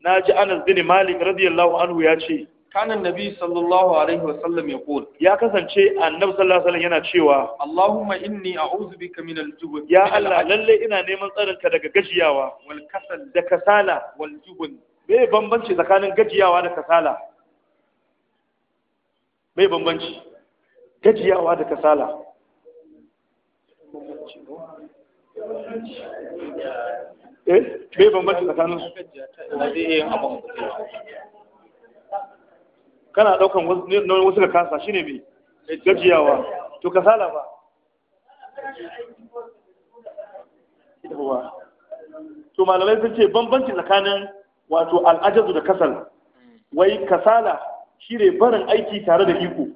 na ji anas bin malik radiyallahu anhu ya ce kanan nabi sallallahu alaihi wa sallam ya kul ya kasance annabi sallallahu alaihi yana cewa allahumma inni a'udhu bika min al-jubn ya allah lalle ina neman tsarin ka daga gajiyawa wal kasal da kasala wal jubn bai bambance tsakanin gajiyawa da kasala mai bambanci gajiyawa da kasala eh mai bambanci tsakanin su kana daukan nauyin wasu ka kasa shine mai gajiyawa to kasala ba to malamai sun ce bambanci tsakanin wato al'ajazu da kasala wai kasala shi ne barin aiki tare da iko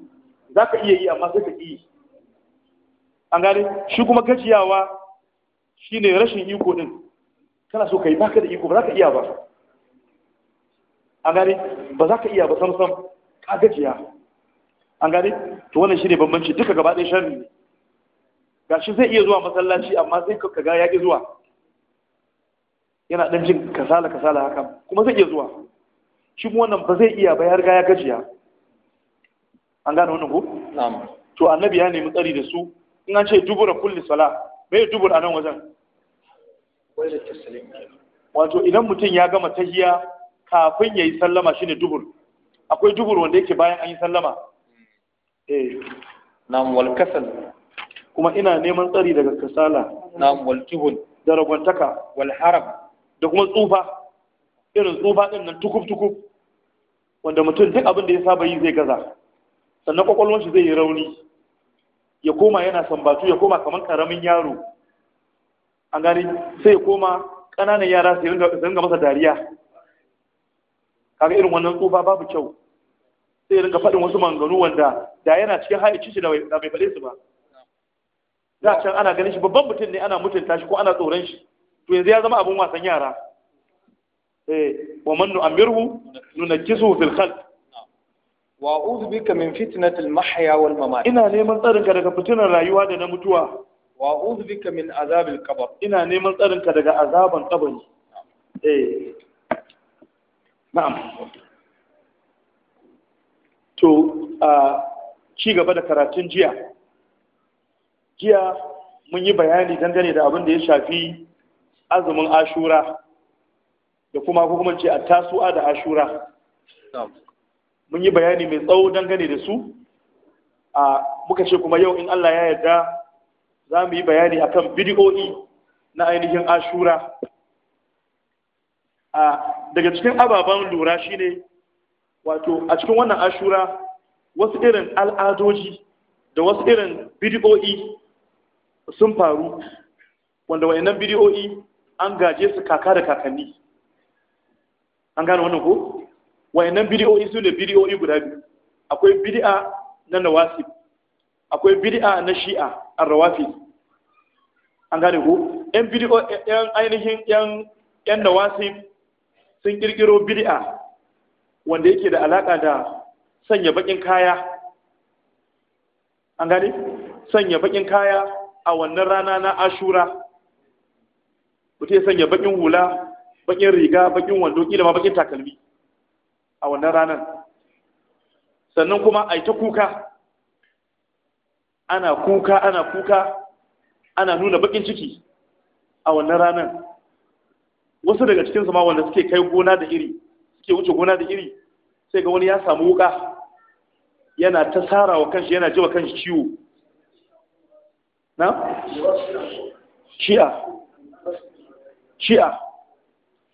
za ka iya yi amma sai ka yi. an gane shi kuma gajiyawa shi ne rashin iko din. kana so ka yi baka da iko ba za ka iya ba an gane ba za ka iya ba sam sam ka gajiya an gane to wannan shi ne bambanci duka gaba ɗaya sharri ne ga shi zai iya zuwa masallaci amma sai ka ga ya zuwa yana ɗan jin kasala kasala haka kuma zai iya zuwa shi wannan ba zai iya ba ya riga ya gajiya an gano wannan ko na'am to annabi ya nemi tsari da su in an ce dubura kulli sala me dubur a nan wajen wato idan mutum ya gama tahiya kafin ya yi sallama shine dubur akwai dubur wanda yake bayan an yi sallama hmm. eh nam wal kasal kuma ina neman tsari daga kasala nam wal juhul da ragwantaka wal haram da kuma tsufa irin tsufa ɗin nan tukub-tukub wanda mutum duk abin da ya saba yi zai gaza sannan kwakwalwar shi zai yi rauni ya koma yana sambatu ya koma kamar karamin yaro an gani sai ya koma ƙananan yara su ringa masa dariya kaga irin wannan tsufa babu kyau sai ringa faɗin wasu manganu wanda da yana cikin haici shi da bai faɗe su ba za a can ana ganin shi babban mutum ne ana mutunta shi ko ana tsoron shi to yanzu ya zama abin wasan yara Eh, wa man nu'ammirhu nunakkisuhu fil khalq wa a'udhu bika min fitnatil mahya wal mamat ina neman tsarin ka daga fitinar rayuwa da na mutuwa wa a'udhu bika min azabil qabr ina neman tsarin ka daga azaban kabari eh na'am to a ci gaba da karatun jiya jiya mun yi bayani dangane da abin da ya shafi azumin ashura da kuma hukumance a tasu'a da ashura mun yi bayani mai tsawo dangane da su a muka ce kuma yau in Allah ya yarda za mu yi bayani a kan bidiyo'i na ainihin ashura daga cikin ababen lura shine wato a cikin wannan ashura wasu irin al'adoji da wasu irin bidiyo'i sun faru wanda wayannan bidiyo'i an gaje su kaka da kakanni an gane wannan ko wayannan bidiyoyi su ne bidiyoyi guda biyu akwai bidi'a na nawasi akwai bidi'a na shi'a arrawafi an gane ko yan bidiyo yan ainihin yan yan nawasi sun kirkiro bidi'a wanda yake da alaka da sanya bakin kaya an gane sanya bakin kaya a wannan rana na ashura mutum ya sanya bakin hula bakin riga bakin wando kila ma bakin takalmi a wannan ranar sannan kuma a ta kuka ana kuka ana kuka ana nuna bakin ciki a wannan ranar wasu daga cikin ma wanda suke kai gona da iri suke wuce gona da iri sai ga wani ya samu wuka yana ta sarawa wa kanshi yana jiwa kanshi ciwo na? ciya ciya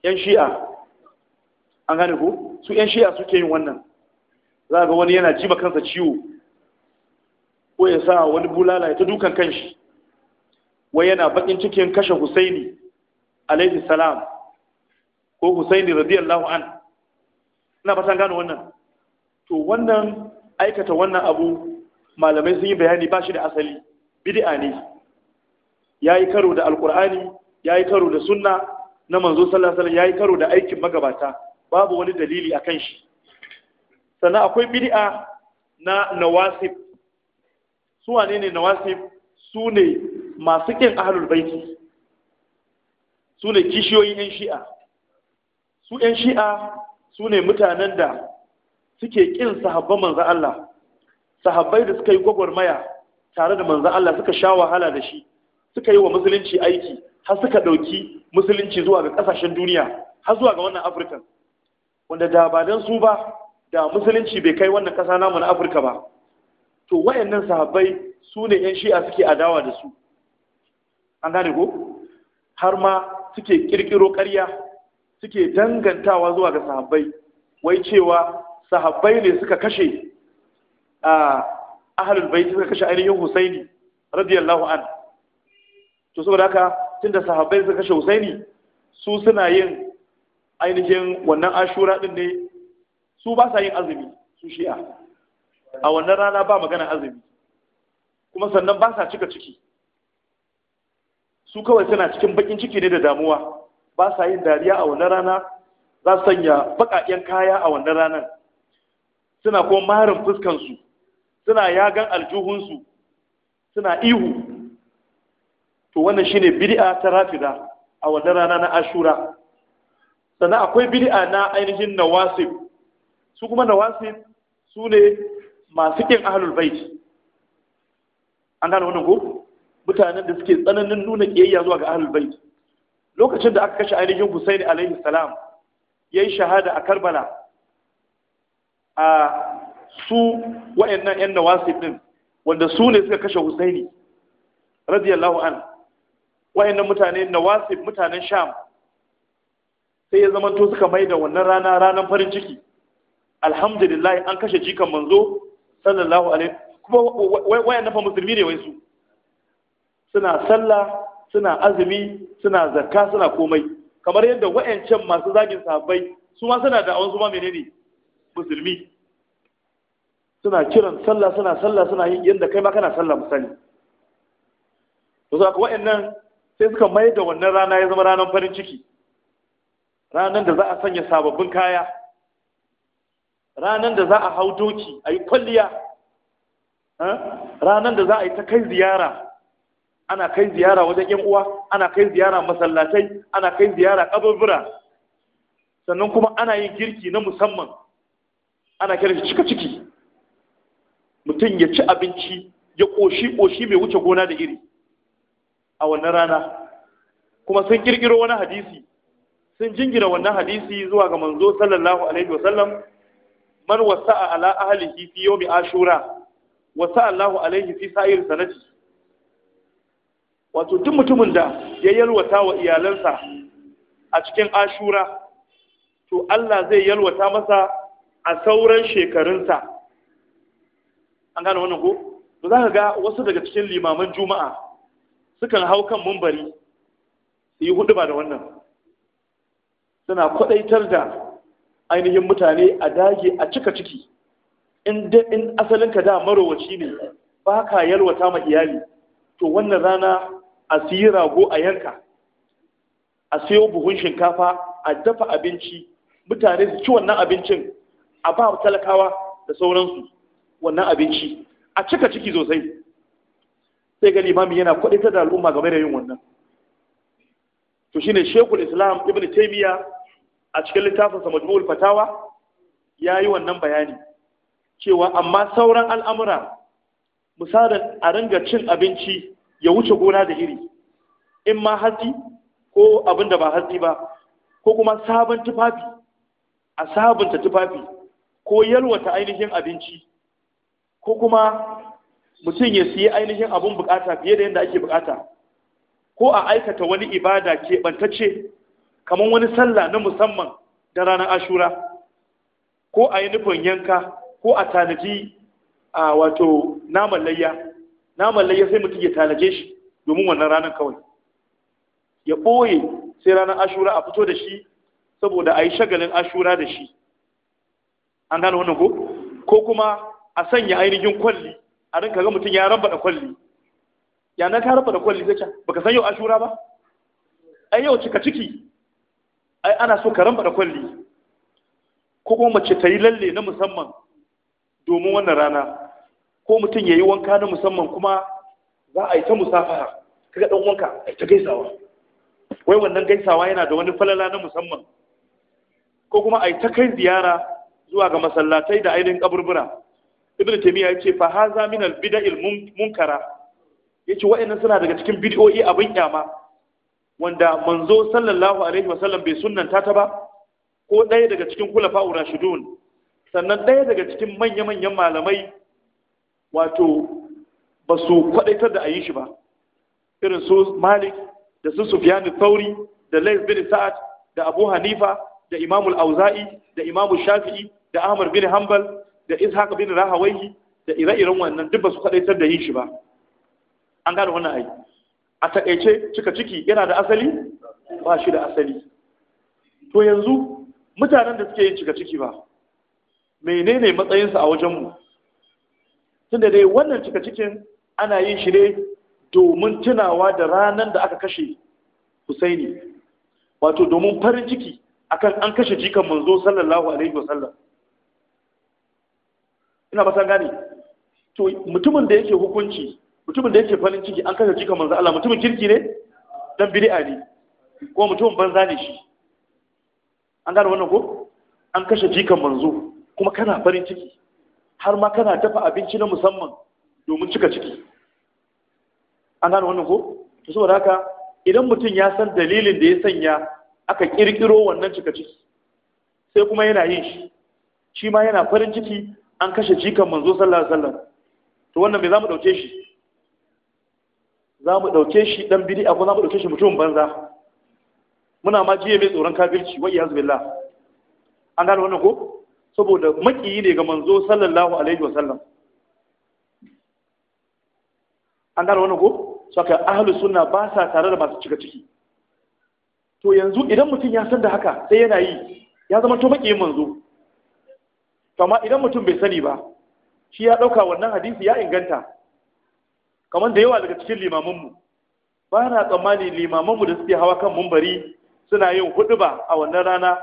yan shi'a an gane ku su yan shi'a suke yin wannan za ga wani yana jiba kansa ciwo ko ya sa wani bulala ya ta dukan kanshi wai yana bakin cikin kashe husaini alaihi salam ko husaini radiyallahu an ina fatan gane wannan to wannan aikata wannan abu malamai sun yi bayani ba shi da asali bid'a ne ya yi karo da alkur'ani ya yi karo da sunna na manzo sallallahu alaihi yayi karo da aikin magabata babu wani dalili akan shi sannan akwai bid'a na nawasib su wane ne nawasib su ne masu kin ahlul baiti su ne kishiyoyin yan shi'a su yan shi'a su ne mutanen da suke kin sahabban manzo Allah sahabbai da suka yi gwagwarmaya tare da manzo Allah suka sha wahala da shi suka yi wa musulunci aiki har suka dauki musulunci zuwa ga kasashen duniya har zuwa ga wannan afirka wanda da ba don su ba da musulunci bai kai wannan kasa namu na afirka ba to wayannan sahabbai su ne yan shi'a suke adawa da su an gane ko har ma suke kirkiro ƙarya suke dangantawa zuwa ga sahabbai wai cewa sahabbai ne suka kashe a ahalul bai suka kashe ainihin husaini radiyallahu an to saboda haka tunda sahabbai su kashe Husaini su suna yin ainihin wannan Ashura din ne su ba sa yin azumi su shi'a a wannan rana ba magana azumi kuma sannan ba sa cika ciki su kawai suna cikin bakin ciki ne da damuwa ba sa yin dariya a wannan rana za su sanya baƙaƙen kaya a wannan ranar suna kuma marin fuskansu suna yagan aljuhunsu suna ihu to wannan shine bid'a ta rafida a wannan rana na ashura sannan akwai bid'a na ainihin nawasib su kuma nawasib su ne masu kin ahlul bait an gane wannan ko mutanen da suke tsananin nuna kiyayya zuwa ga ahlul bait lokacin da aka kashe ainihin Husaini alaihi salam yayi shahada a Karbala a su wa'annan yan nawasib din wanda su ne suka kashe Husaini radiyallahu an wayannan mutane nawasib mutanen sham sai ya zama to suka mai da wannan rana ranar farin ciki alhamdulillah an kashe jikan manzo sallallahu alaihi kuma wayannan fa musulmi ne waisu su suna sallah suna azumi suna zakka suna komai kamar yadda wayancan masu zagin sahabbai su ma suna da awon su ma menene musulmi suna kiran sallah suna sallah suna yin yadda kai ma kana sallah musali to saka wayannan sai suka mai da wannan rana ya zama ranar farin ciki ranar da za a sanya sababbin kaya ranar da za a hau doki a yi kwalliya ranar da za a yi ta kai ziyara ana kai ziyara wajen yan uwa ana kai ziyara masallatai ana kai ziyara kaburbura sannan kuma ana yin girki na musamman ana kira shi cika ciki mutum ya ci abinci ya ƙoshi ƙoshi mai wuce gona da iri a wannan rana kuma sun kirkiro wani hadisi sun jingina wannan hadisi zuwa ga manzo sallallahu alaihi wasallam man wasa'a ala ahlihi fi yawmi ashura wasa Allahu alaihi fi sa'ir sanati wato duk mutumin da ya yalwata wa iyalansa a cikin ashura to Allah zai yalwata masa a sauran shekarunsa an gane wannan ko to za ka ga wasu daga cikin limaman juma'a sukan hau kan mumbari su yi hudu ba da wannan suna kwadaitar da ainihin mutane a dage a cika ciki in asalinka da marowaci ne ba ka yalwata ma iyali to wannan rana a siyi rago a yanka a siyo buhun shinkafa a dafa abinci mutane su ci wannan abincin a ba talakawa da sauransu wannan abinci a cika ciki sosai sai ga limami yana kwadita da al'umma game da yin wannan to shi ne shekul islam ibn taymiya a cikin littafinsa majmul fatawa ya yi wannan bayani cewa amma sauran al'amura misalin a ringa cin abinci ya wuce gona da iri in ma hatsi ko abin da ba hatsi ba ko kuma sabon tufafi a sabunta tufafi ko yalwata ainihin abinci ko kuma mutum ya siya ainihin abun bukata fiye da yadda ake bukata ko a aikata wani ibada keɓantacce kamar wani sallah na musamman da ranar ashura ko a yi nufin yanka ko a tanaji a wato naman layya naman layya sai mutum ya tanaje shi domin wannan ranar kawai ya ɓoye sai ranar ashura a fito da shi saboda a yi shagalin ashura da shi an gane wannan ko kuma a sanya ainihin kwalli a rinka ga mutum ya ramba da kwalli ya na ka ramba da kwalli zai baka san yau ashura ba ai yau cika ciki ai ana so ka ramba da kwalli ko kuma mace ta yi lalle na musamman domin wannan rana ko mutum ya yi wanka na musamman kuma za a yi ta musafaha kaga dan wanka a yi ta gaisawa wai wannan gaisawa yana da wani falala na musamman ko kuma a yi ta kai ziyara zuwa ga masallatai da ainihin kaburbura ibn taymiya yace fa haza min al bid'il munkara yace wa'annan suna daga cikin bid'o'i abin kyama wanda manzo sallallahu alaihi wa sallam bai sunnanta ta ba ko ɗaya daga cikin kulafa rashidun sannan ɗaya daga cikin manya-manyan malamai wato ba su kwadaitar da a yi shi ba irin su malik da su sufyan thauri da lais bin sa'ad da abu hanifa da imamul auza'i da imamul shafi'i da ahmad bin hanbal da haka bin rahawayhi da ire-iren wannan duk ba su da yin shi ba an gane wannan ai a taƙaice cika ciki yana da asali ba shi da asali to yanzu mutanen da suke yin cika ciki ba menene matsayinsa a wajenmu tunda dai wannan cika cikin ana yin shi ne domin tunawa da ranar da aka kashe Husaini wato domin farin ciki akan an kashe jikan manzo sallallahu alaihi wasallam ina ba san gane to mutumin da yake hukunci mutumin da yake farin ciki an kashe cika manzo Allah mutumin kirki ne dan bid'a ne ko mutumin banza ne shi an gane wannan ko an kashe jikan manzo kuma kana farin ciki har ma kana dafa abinci na musamman domin cika ciki an gane wannan ko to saboda haka idan mutum ya san dalilin da ya sanya aka kirkiro wannan cika ciki sai kuma yana yin shi shi ma yana farin ciki an kashe jikan manzo sallallahu alaihi wasallam to wannan me zamu dauke shi zamu dauke shi dan A ko zamu dauke shi mutum banza muna ma jiye mai tsoron kafirci wa iyaz billah an gane wannan ko saboda makiyi ne ga manzo sallallahu alaihi wasallam an gane wannan ko saka ahlus sunna ba sa tare da masu cika ciki to yanzu idan mutum ya san da haka sai yana yi ya zama to makiyin manzo amma idan mutum bai sani ba shi ya ɗauka wannan hadisi ya inganta kamar da yawa daga cikin limamanmu ba na tsammani limamanmu da suke hawa kan mumbari suna yin hudu ba a wannan rana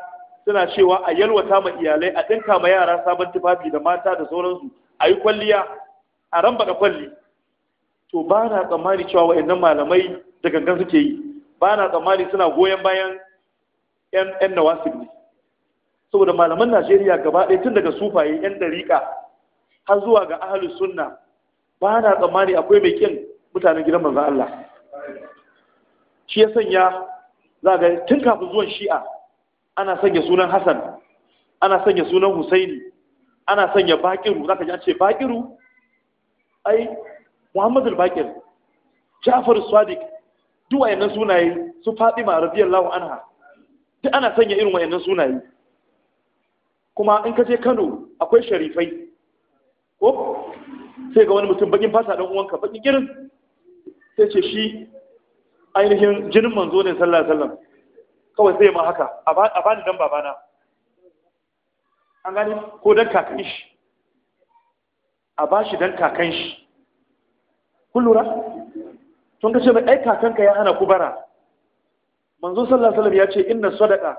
suna cewa a yalwata ma iyalai a ɗinka ma yara sabon tufafi da mata da sauransu a yi kwalliya a rambaɗa kwalli to ba na tsammani cewa wa'annan malamai da gangan suke yi ba na tsammani suna goyon bayan 'yan nawasib ne saboda malaman najeriya gaba ɗaya tun daga sufaye yan dariƙa har zuwa ga ahalus sunna ba na tsammani akwai mai kin mutanen gidan manzan Allah shi ya sanya za ga tun kafin zuwan shi'a ana sanya sunan hassan ana sanya sunan husaini ana sanya bakiru za ka ji an ce bakiru ai muhammadul bakir jafar Swadik, duk wayannan sunaye su fatima radiyallahu anha duk ana sanya irin wayannan sunaye kuma in ka je Kano akwai sharifai ko sai ga wani mutum bakin fata dan uwanka bakin girin sai ce shi ainihin jinin manzo ne sallallahu alaihi wasallam kawai sai ma haka a bani dan babana an gani ko dan kakan shi a bashi dan kakan shi kun lura tun ka ce mai ai kakanka ya hana kubara manzo sallallahu alaihi wasallam ya ce inna sadaqa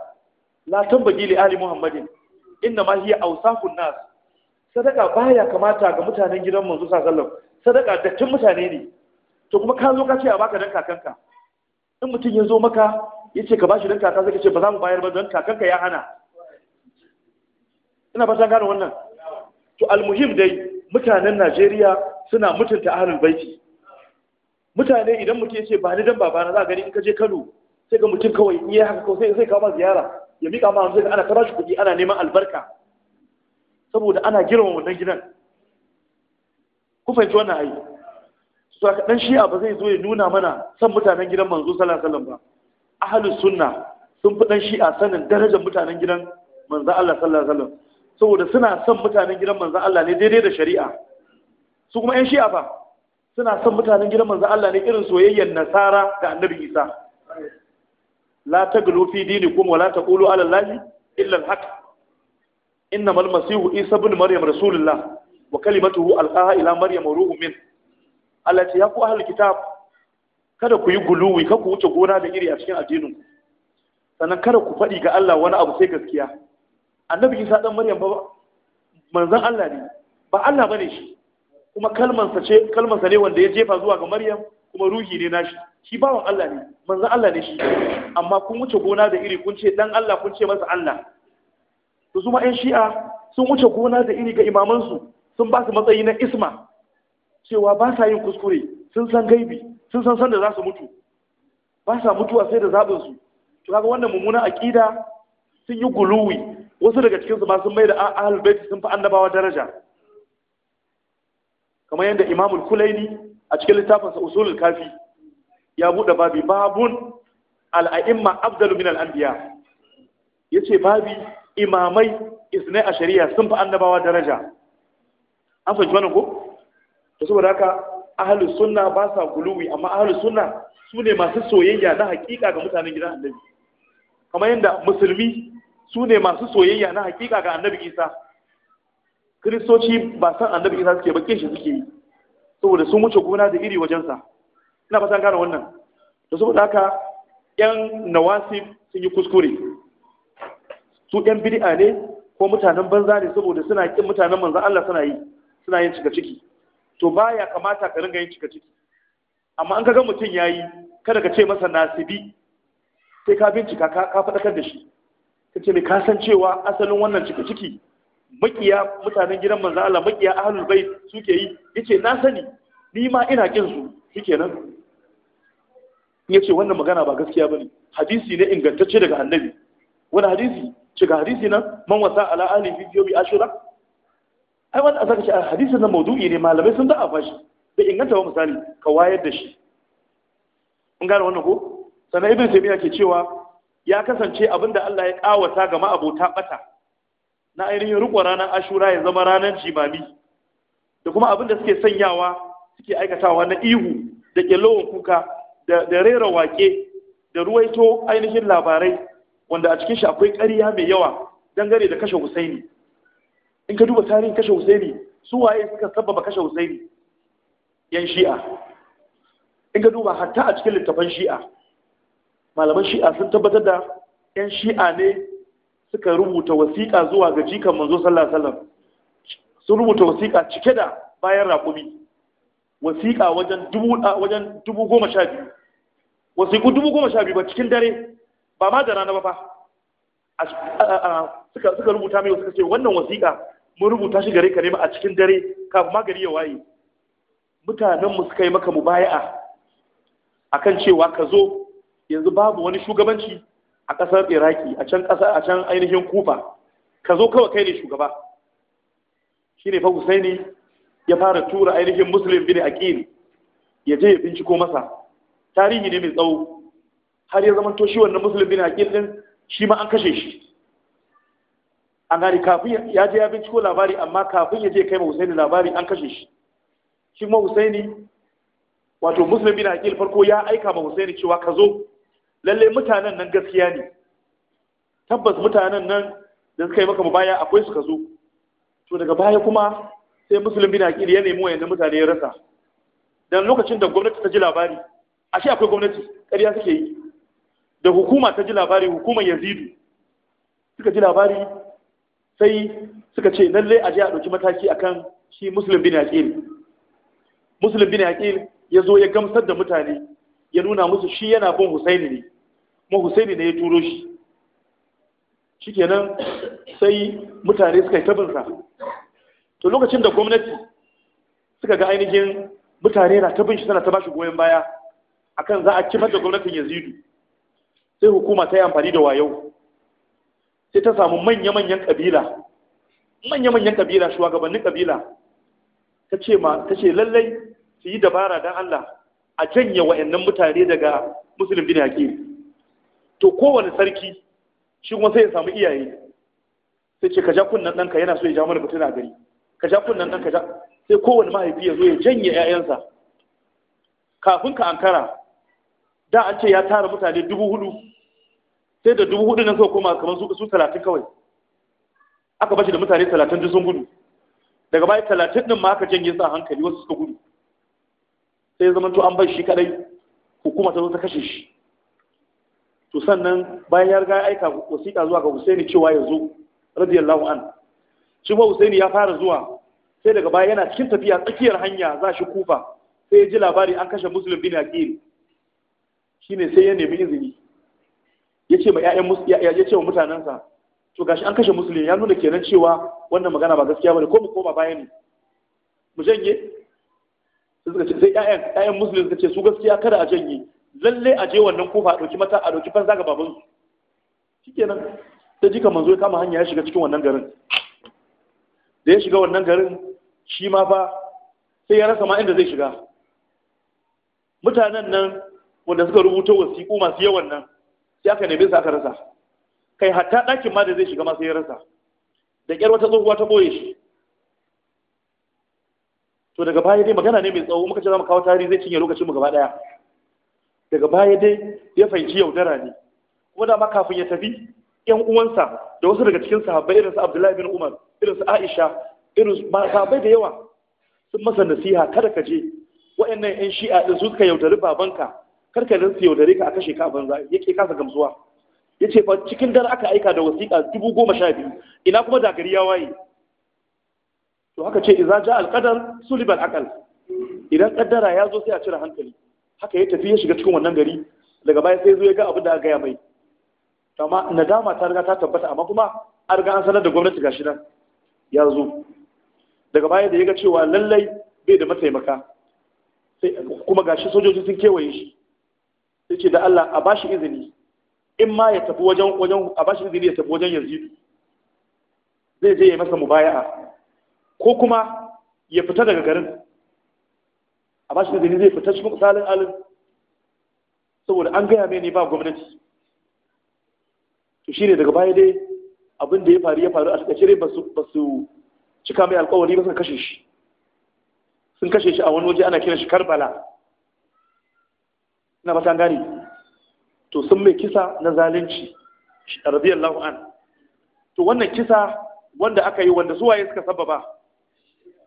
la tambagi li ali muhammadin inna ma hiya awsafun nas sadaka baya kamata ga mutanen gidan manzo sallallahu sadaka dattin mutane ne to kuma ka zo ka ce a baka dan kakanka in mutum ya zo maka ya ce ka bashi dan kaka sai ka ce ba za mu bayar ba dan kakanka ya hana ina fatan gane wannan to almuhim dai mutanen Najeriya suna mutunta ahlul baiti mutane idan mutum ya ce ba ni dan babana za gani in ka je Kano sai ga mutum kawai in yi haka kawai sai kawo ma ziyara ya miƙa ma hamsin ana tara shi kuɗi ana neman albarka saboda ana girma wannan gidan ku fahimci wannan hayi su aka dan shi'a ba zai zo ya nuna mana san mutanen gidan manzo sallallahu alaihi wasallam ba ahlus sunna sun fi dan shi'a sanin darajar mutanen gidan manzo Allah sallallahu alaihi wasallam saboda suna son mutanen gidan manzo Allah ne daidai da shari'a su kuma yan shi'a fa suna son mutanen gidan manzo Allah ne irin soyayyar nasara da annabi Isa la تغلو في دينكم ولا تقولوا على الله allahi الحق al المسيح innamal masihu مريم رسول maryam وكلمته wa kalimatuhu مريم ila maryam التي ruhu min الكتاب ya kada ku yi guluwi kada ku wuce gona da iri a cikin addinin sannan kada ku faɗi ga Allah wani abu sai gaskiya annabi isa dan maryam ba manzon Allah ne ba Allah bane shi kuma kalmansa ce kalmansa ne wanda ya jefa zuwa ga maryam kuma ruhi ne nashi shi bawan Allah ne manzo Allah ne shi amma kun wuce gona da iri kun ce dan Allah kun ce masa Allah to zuma ma shi'a sun wuce gona da iri ga imamansu sun ba su matsayi na isma cewa ba sa yin kuskure sun san gaibi sun san san da za su mutu ba sa mutuwa sai da zaɓinsu. su to kaga wannan mummunan aqida sun yi guluwi wasu daga cikinsu ma sun mai da ahlul sun fi annabawa daraja kamar yadda imamul kulaini a cikin littafinsa usulul kafi ya buɗe babi babun al'a'imma abdalu min al'anbiya ya ce babi imamai isnai a shari'a sun fi annabawa daraja an fahimci wannan ko to saboda haka ahlus sunna ba sa guluwi amma ahlus sunna su ne masu soyayya na hakika ga mutanen gidan annabi kamar yadda musulmi su ne masu soyayya na hakika ga annabi isa kiristoci ba san annabi isa suke bakin shi suke yi saboda sun wuce gona da iri wajensa ina fasa gane wannan da saboda haka yan nawasif sun yi kuskure su yan bid'a ne ko mutanen banza ne saboda suna kin mutanen manzon Allah suna yi suna yin cika ciki to baya kamata ka ringa yin cika ciki amma an kaga mutum yayi kada ka ce masa nasibi sai ka bincika ka faɗakar da shi ka ce mai kasancewa asalin wannan cika ciki makiya mutanen gidan manzo Allah makiya ahlul bait suke yi yace na sani ni ma ina kin su shikenan yace wannan magana ba gaskiya bane hadisi ne ingantacce daga annabi wani hadisi ce ga hadisi nan man wasa ala ahli fi bi ashura ai wannan azaka ce ah, hadisi nan maudu'i ne malamai sun da'afa shi bai inganta wa misali ka wayar da shi kun gane wannan ko sanai ibn taymiya ke cewa ya kasance abinda Allah ya kawata ga ma'abota bata na ainihin riko ranar ashura ya zama ranar jimami da kuma abin da suke sanyawa suke aikatawa na ihu da kyallowar kuka da rera wake da ruwaito ainihin labarai wanda a cikin shi akwai ƙarya mai yawa dangane da kashe husaini in ka duba tarihin kashe husaini su waye suka sababa kashe husaini yan shi'a in ka duba hatta a cikin littafan shi'a malaman shi'a sun tabbatar da yan shi'a ne suka rubuta wasiƙa zuwa ga jikan manzo sallallahu alaihi wasallam sun rubuta wasiƙa cike da bayan raƙumi wasiƙa wajen dubu wajen dubu goma sha biyu wasiƙu dubu goma sha biyu ba cikin dare ba ma da rana ba fa suka suka rubuta mai suka ce wannan wasiƙa mun rubuta shi gare ka ne a cikin dare kafin ma gari ya waye mutanen mu suka yi maka mubaya'a akan cewa ka zo yanzu babu wani shugabanci a ƙasar iraki a can ƙasa a can ainihin kufa ka zo kawai kai ne shugaba Shi ne fa husaini ya fara tura ainihin musulun bin aqil ya je ya binciko masa tarihi ne mai tsawo har ya zama to shi wannan musulun bin aqil din shi ma an kashe shi an gari kafin ya je ya binciko labari amma kafin ya je kai ma husaini labari an kashe shi shi ma husaini wato musulun bin aqil farko ya aika ma husaini cewa ka zo lalle mutanen nan gaskiya ne tabbas mutanen nan da suka yi maka baya akwai suka zo to daga baya kuma sai musulun bin ya nemi wayannan mutane ya rasa dan lokacin da gwamnati ta ji labari ashe akwai gwamnati ƙarya suke yi da hukuma ta ji labari hukumar yazidu suka ji labari sai suka ce lalle a je a ɗauki mataki akan shi musulun bin musulun bin ya zo ya gamsar da mutane ya nuna musu shi yana bin husaini ne kuma husaini ne ya turo shi shikenan sai mutane suka yi tabinsa to lokacin da gwamnati suka ga ainihin mutane na tabin shi tana ta bashi goyon baya akan za a kifar da gwamnatin yazidu sai hukuma ta yi amfani da wayo sai ta samu manya-manyan kabila manya-manyan kabila shugabannin kabila ta ce ta ce lallai su yi dabara don Allah a janye wa'annan mutane daga musulun bin hakim to kowane sarki shi kuma sai ya samu iyaye sai ce ka ja kunnan ɗanka yana so ya ja mana fitina gari ka ja kunnan ɗanka ja sai kowane mahaifi ya zo ya janye 'ya'yansa kafin ka ankara da an ce ya tara mutane dubu hudu sai da dubu hudu nan suka koma kamar su talatin kawai aka bashi da mutane talatin duk sun gudu daga baya talatin nan ma aka janye sa hankali wasu suka gudu sai ya zamanto an bai shi kadai hukuma ta zo ta kashe shi to sannan bayan ya riga ya aika wasiƙa zuwa ga Husaini cewa ya zo radiyallahu an shi ma Husaini ya fara zuwa sai daga baya yana cikin tafiya tsakiyar hanya za shi kufa sai ya ji labari an kashe Muslim bin Aqil shine sai ya nemi izini ya ce ma ya ce wa mutanansa to gashi an kashe Muslim ya nuna kenan cewa wannan magana ba gaskiya bane ko mu koma baya ne mu janye suka ce sai ƴaƴan ƴaƴan musulmi suka ce su gaskiya kada a janye lalle a je wannan kofa a ɗauki mata a ɗauki fansa ga babansu shikenan da ji kamar ya kama hanya ya shiga cikin wannan garin da ya shiga wannan garin shi ma fa sai ya rasa ma inda zai shiga mutanen nan wanda suka rubuta wasiƙu masu yawan nan sai aka neme su aka rasa kai hatta ɗakin ma da zai shiga ma sai ya rasa da ƙyar wata tsohuwa ta ɓoye shi to daga baya dai magana ne mai tsawo muka ce za mu kawo tarihi zai cinye lokacin mu gaba daya daga baya dai ya fahimci yaudara ne kuma da ma kafin ya tafi yan uwansa da wasu daga cikin sahabbai irin su Abdullahi bin Umar irin su Aisha irin su sahabbai da yawa sun masa nasiha kada ka je wayannan yan shi'a din su suka yaudari babanka kar ka rinsu yaudare ka a kashe ka a banza yake kasa gamsuwa yace fa cikin dare aka aika da wasiƙa dubu goma sha biyu ina kuma da ya waye to haka ce idza ja alqadar sulibal aqal idan kaddara ya zo sai a cire hankali haka ya tafi ya shiga cikin wannan gari daga baya sai zo ya ga abin da aka gaya mai amma nadama ta riga ta tabbata amma kuma an riga an sanar da gwamnati gashi nan ya zo daga baya da ya ga cewa lallai bai da mataimaka sai kuma gashi sojoji sun kewaye shi sai ce da Allah a bashi izini in ma ya tafi wajen wajen a bashi izini ya tafi wajen yanzu zai je ya masa mubaya'a ko kuma ya fita daga garin a ba shi izini zai fita cikin misalin alin saboda an gaya mai ne ba gwamnati to shi ne daga baya dai abin da ya faru ya faru a suka cire ba su cika mai alkawari ba sun kashe shi sun kashe shi a wani waje ana kiran shi karbala ina ba gani to sun mai kisa na zalunci radiyallahu an to wannan kisa wanda aka yi wanda suwaye suka sababa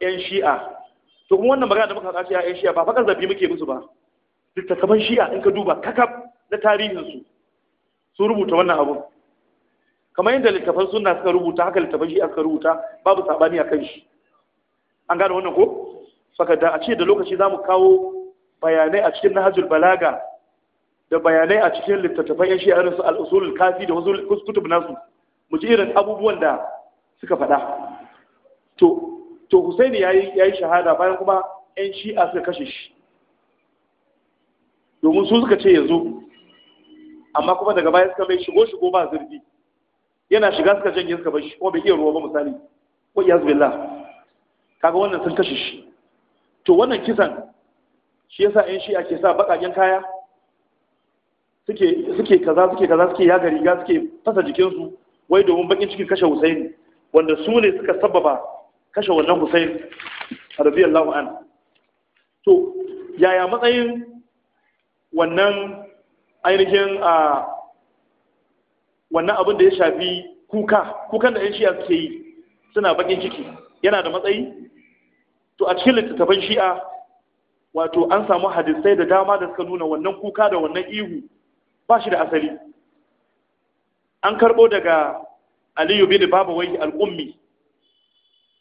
'yan shi'a to kuma wannan magana da muka kasa cewa 'yan shi'a ba kan zabi muke musu ba littattafan shi'a in ka duba kakab na tarihinsu sun rubuta wannan abun kamar yadda littattafan sunna suka rubuta haka littattafan shi'a suka rubuta babu saɓani a kan shi an gane wannan ko saka da a ce da lokaci za mu kawo bayanai a cikin nahajul balaga da bayanai a cikin littattafan 'yan shi'a irin su al'usulul kafi da wasu kutub nasu mu ji irin abubuwan da suka faɗa to to Husaini yayi yayi shahada bayan kuma 'yan shi'a suka kashe shi domin su suka ce yanzu amma kuma daga baya suka mai shigo shigo ba zurfi yana shiga suka janye suka bashi, kuma bai iya ruwa ba misali ko iyaz zubilla kaga wannan sun kashe shi to wannan kisan shi yasa ƴan shi'a ke sa baƙaƙen kaya suke suke kaza suke kaza suke yaga riga suke fasa jikinsu wai domin bakin cikin kashe Husaini wanda su ne suka sababa kashe wannan Hussein radiyallahu an to yaya matsayin wannan ainihin a wannan abin da ya shafi kuka kukan da yan shi'a suke yi suna bakin ciki yana da matsayi to a cikin littattafan shi'a wato an samu hadisai da dama da suka nuna wannan kuka da wannan ihu ba shi da asali an karbo daga aliyu bin babawai al'ummi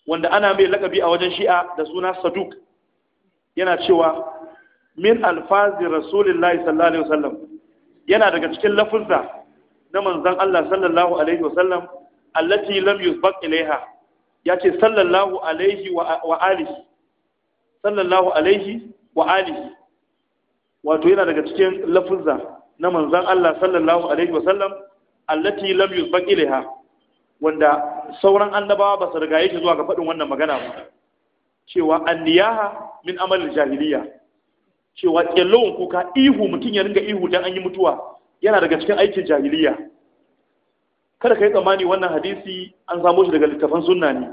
wanda ana mai lakabi a wajen shi'a da suna saduk yana cewa min alfazi rasulillahi sallallahu alaihi wasallam yana daga cikin lafunsa na manzon Allah sallallahu alaihi wasallam allati lam yusbaq ilaiha yace sallallahu alaihi wa alihi sallallahu alaihi wa alihi wato yana daga cikin lafunsa na manzon Allah sallallahu alaihi wasallam allati lam yusbaq ilaiha wanda sauran annabawa ba su rigaye shi zuwa ga faɗin wannan magana ba cewa anniyaha min amalin jahiliya cewa kyallon kuka ihu mutum ya ringa ihu dan an yi mutuwa yana daga cikin aikin jahiliya kada ka yi tsammani wannan hadisi an samo shi daga littafan sunna ne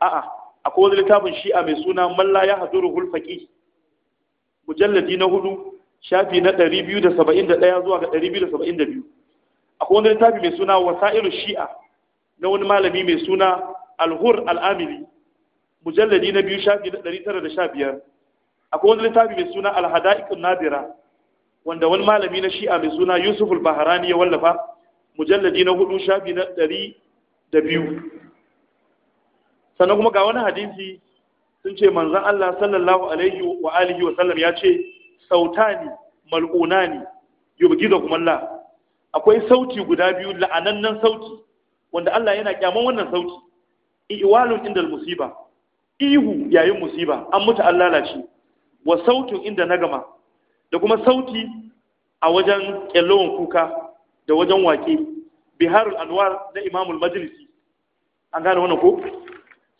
a'a akwai wani littafin shi'a mai suna malla ya haduru hulfaki mujalladi na hudu shafi na 271 zuwa ga 272 akwai wani littafi mai suna wasa'ilu shi'a na wani malami mai suna alhur al'amili mujalladi na biyu shafi na ɗari tara da sha biyar akwai wani littafi mai suna alhada'ikun nadira wanda wani malami na shi'a mai suna yusuf al-baharani ya wallafa mujalladi na hudu shafi na ɗari da biyu sannan kuma ga wani hadisi sun ce manzan Allah sallallahu alaihi wa alihi wa sallam ya ce sautani mal'unani kuma Allah akwai sauti guda biyu la'anannan sauti wanda Allah yana kyaman wannan sauti iwalun indal musiba ihu yayin musiba an mutu an lalace wa sautin inda nagama da kuma sauti a wajen ƙyallawan kuka da wajen wake biharul anwar na imamul majlisi an gane wannan ko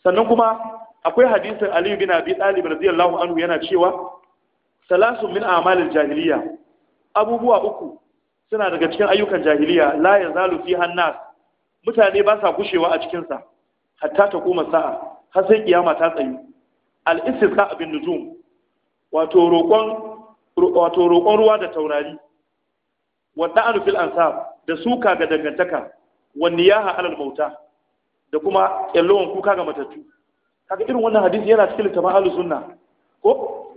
sannan kuma akwai hadisin aliyu bin abi talib radiyallahu anhu yana cewa salasu min a'malil jahiliya abubuwa uku suna daga cikin ayyukan jahiliya la yazalu fi hannas mutane ba sa gushewa a cikinsa hatta ta koma sa'a har sai kiyama ta tsayu al-istisqa bin nujum wato roƙon wato roƙon ruwa da taurari wa anu fil ansab da suka ga dangantaka wa niyaha alal mauta da kuma kyallon kuka ga matattu kaga irin wannan hadisi yana cikin littafin ahlus sunna ko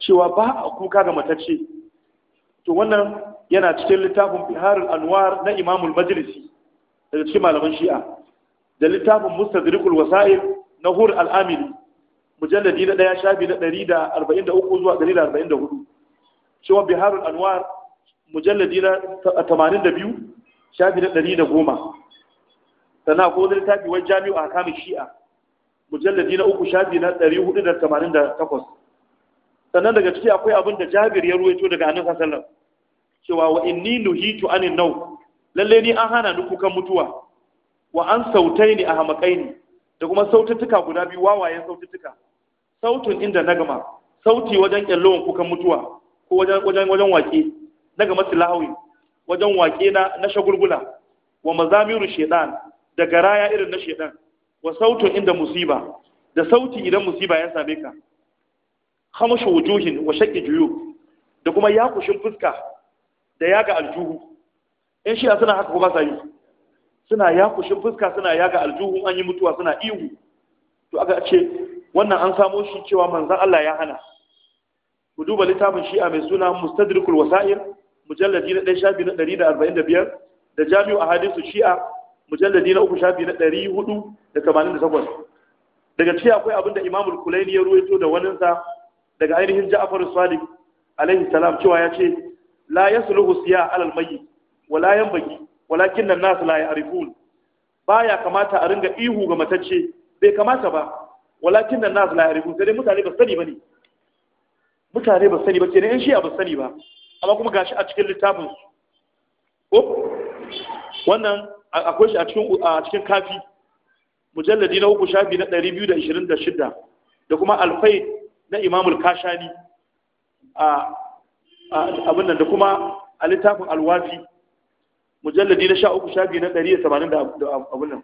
cewa ba a kuka ga matacce to wannan yana cikin littafin biharul anwar na imamul majlisi daga cikin malaman shi'a da littafin mustadrikul wasa'il na hur al mujalladi na ɗaya shafi na ɗari da arba'in da uku zuwa ɗari da arba'in da hudu cewa biharul anwar mujalladi na tamanin da biyu shafi na ɗari da goma sannan ko da littafi wai jami'u a kamun shi'a mujalladi na uku shafi na ɗari da tamanin da takwas sannan daga ciki akwai abin da jabir ya ruwaito daga annabi sallallahu cewa wa inni nuhitu anin nau lalle ni an hana ni kukan mutuwa wa an sautai ni a hamakai ni da kuma saututtuka guda biyu wawayen saututtuka sautun inda nagama sauti wajen kyallon kukan mutuwa ko wajen wajen wajen wake nagama silahawi wajen wake na na shagulgula wa mazamiru shedan da garaya irin na shedan wa sautun inda musiba da sauti idan musiba ya same ka khamashu wujuhin wa shaqqi juyub da kuma yakushin fuska da yaga aljuhu in shiya suna haka kuma sai suna ya kushin fuska suna yaga ga aljuhu an yi mutuwa suna ihu to aka ce wannan an samo shi cewa manzan Allah ya hana ku duba littafin shi'a mai suna mustadrikul wasa'ir mujalladi na 1 shafi na 145 da jami'u ahadisu shi'a mujalladi na 3 shafi na 488 daga cikin akwai abinda imamul kulaini ya ruwaito da sa daga ainihin ja'far sadiq alaihi salam cewa ya ce la yasluhu siya alal mayyit wala yanbaki walakin nan nasu la ya'rifun baya kamata a ringa ihu ga matacce bai kamata ba walakin nan nasu la ya'rifun sai dai mutane ba su sani bane mutane ba su sani ba kenan yan shi'a ba su sani ba amma kuma gashi a cikin littafin su ko wannan akwai shi a cikin a cikin kafi mujalladi na uku shafi na 226 da kuma alfai na imamul kashani a abin nan da kuma a littafin alwafi mujalladi na uku shafi na 180 da abun nan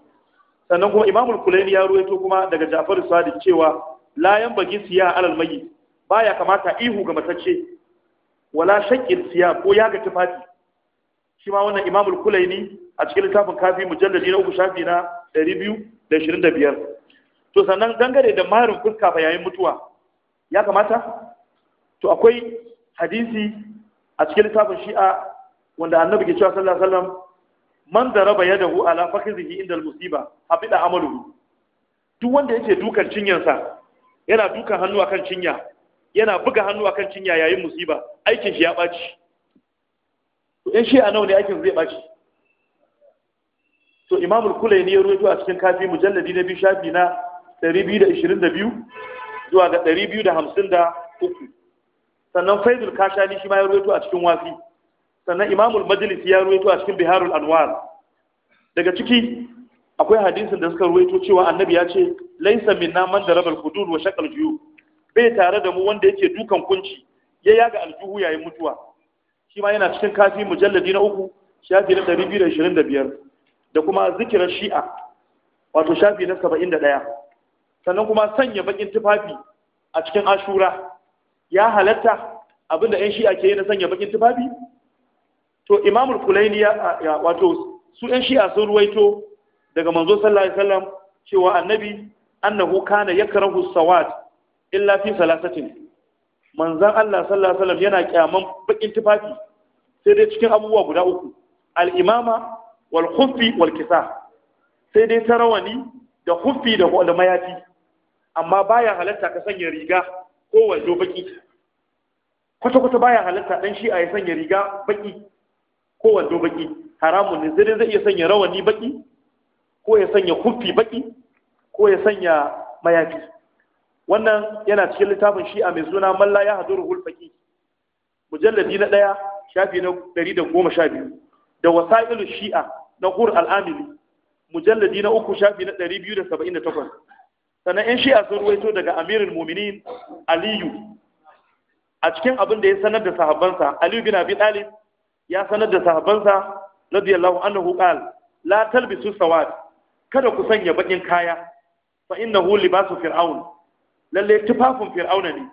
sannan kuma imamul kulaini ya ruwaito kuma daga ja'far sadiq cewa la yanbaghi siya alal mayyit baya kamata ihu ga matacce wala shakkin siya ko ga tufafi shi ma wannan imamul kulaini a cikin littafin kafi mujalladi na uku shafi na 225 to sannan dangare da marin fuska ba yayin mutuwa ya kamata to akwai hadisi a cikin littafin shi'a wanda annabi ke cewa sallallahu alaihi wasallam man daraba yadahu ala fakhizihi inda musiba habida amaluhu duk wanda yake dukan cinyansa yana dukan hannu akan cinya yana buga hannu akan cinya yayin musiba aikin shi ya baci to in shi a nawa ne aikin zai baci to Imam imamul kulaini ya ruwaito a cikin kafi mujalladi na biyu shafi na 222 zuwa ga 253 sannan faidul kashani shi ma ya ruwaito a cikin wafi sannan imamul majlis ya ruwaito a cikin biharul anwar daga ciki akwai hadisin da suka ruwaito cewa annabi ya ce laisa minna man darabal hudud wa shaqal juyu bai tare da mu wanda yake dukan kunci ya yaga aljuhu yayin mutuwa shi ma yana cikin kafi mujalladi na uku shafi na 225 da kuma zikirar shi'a wato shafi na 71 sannan kuma sanya bakin tufafi a cikin ashura ya halatta abinda 'yan shi'a ke yi na sanya bakin tufafi to imamul kulaini ya wato su shi a sun ruwaito daga manzo sallallahu alaihi wasallam cewa annabi annahu kana yakrahu sawat illa fi salasatin manzon Allah sallallahu alaihi wasallam yana kyaman bakin tufafi sai dai cikin abubuwa guda uku al-imama wal khuffi wal kisah sai dai tarawani da khuffi da wal mayati amma baya halatta ka sanya riga ko wando baki kwata kwata baya halatta dan shi a yi sanya riga baki ko wando baki haramun ne sai dai zai iya sanya rawani baki ko ya sanya kufi baki ko ya sanya mayafi wannan yana cikin littafin shi'a mai suna malla ya haduru hulfaki mujalladi na ɗaya shafi na ɗari da goma sha biyu da wasa'ilu shi'a na hur al'amili mujalladi na uku shafi na ɗari biyu da saba'in da takwas sannan yan shi'a sun ruwaito daga amirul muminin aliyu a cikin abin da ya sanar da sahabbansa aliyu bin abi talib ya sanar da sahabbansa radiyallahu anhu qal la talbisu sawad kada ku sanya bakin kaya fa innahu libasu fir'aun lalle tufafin fir'auna ne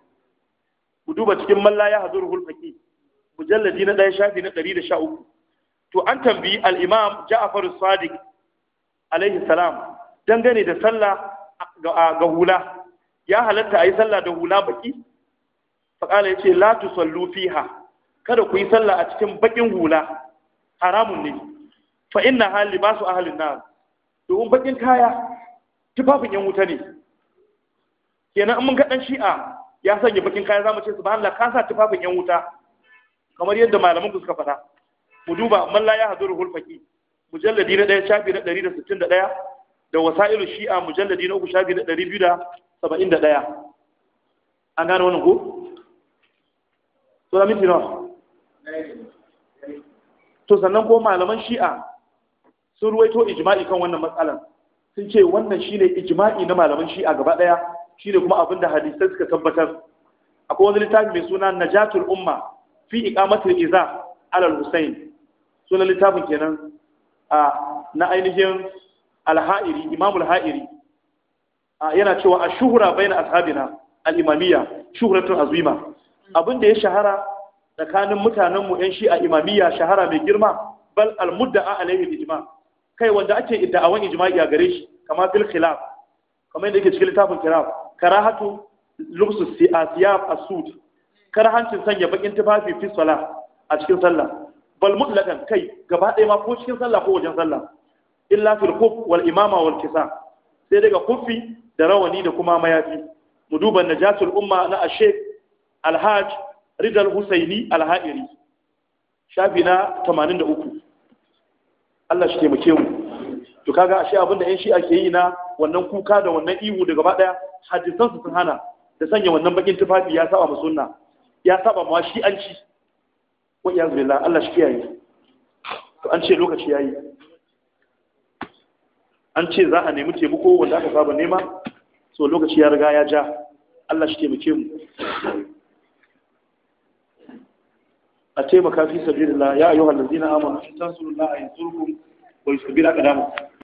ku duba cikin malla ya hazuruhul faqih mujalladi na ɗaya shafi na ɗari da sha to an tambayi Al-Imam al'imam as sadiq alaihi salam dangane da sallah ga hula ya halatta a yi sallah da hula baki fa ya ce la tusallu fiha kada ku yi sallah a cikin bakin hula haramun ne fa inna hal libasu ahlin nar domin bakin kaya tufafin yan wuta ne kenan mun ga dan shi'a ya sanya bakin kaya zamu ce subhanallah ka sa tufafin yan wuta kamar yadda malaman ku suka faɗa mu duba man la ya haduru hulfaki mujalladi na ɗaya shafi na ɗari da sittin da ɗaya da wasa'ilu shi'a mujalladi na uku shafi na ɗari biyu da da ɗaya an gane wannan ko? Sura minti nawa? to sannan ko malaman shi'a sun ruwaito ijma'i kan wannan matsalan sun ce wannan shine ijma'i na malaman shi'a gaba daya shine kuma abin da hadisai suka tabbatar akwai wani littafi mai suna najatul umma fi iqamatul iza alal husayn sunan littafin kenan a na ainihin al imamul ha'iri yana cewa ashuhura bayna ashabina al-imamiyya shuhratun azima abin da ya shahara tsakanin mutanenmu 'yan shi'a imamiyya shahara mai girma bal a alaihi ijma kai wanda ake idda'awan ijma'i a gare shi kama fil khilaf kamar yadda yake cikin littafin khilaf karahatu lubsu siyasiyaf asud karahancin sanya bakin tufafi fi a cikin sallah bal mutlaqan kai gaba ɗaya ma ko cikin sallah ko wajen sallah illa fil khuf wal imama wal kisa sai daga kufi da rawani da kuma mayafi mu duba najatul umma na ashe alhaj ridal husaini alha'iri shafi na 83 Allah shi taimake mu to kaga ashe abin da yan shi ake yi na wannan kuka da wannan ihu da gaba daya hadisan su sun hana da sanya wannan bakin tufafi ya saba mu sunna ya saba mu ci. wa iyaz billah Allah shi kiyaye to an ce lokaci yayi an ce za a nemi taimako wanda aka saba nema so lokaci ya riga ya ja Allah shi taimake mu a taimaka fi sabilillah ya ayyuhal ladzina amanu in tansurullaha ko wa yusbir aqdamakum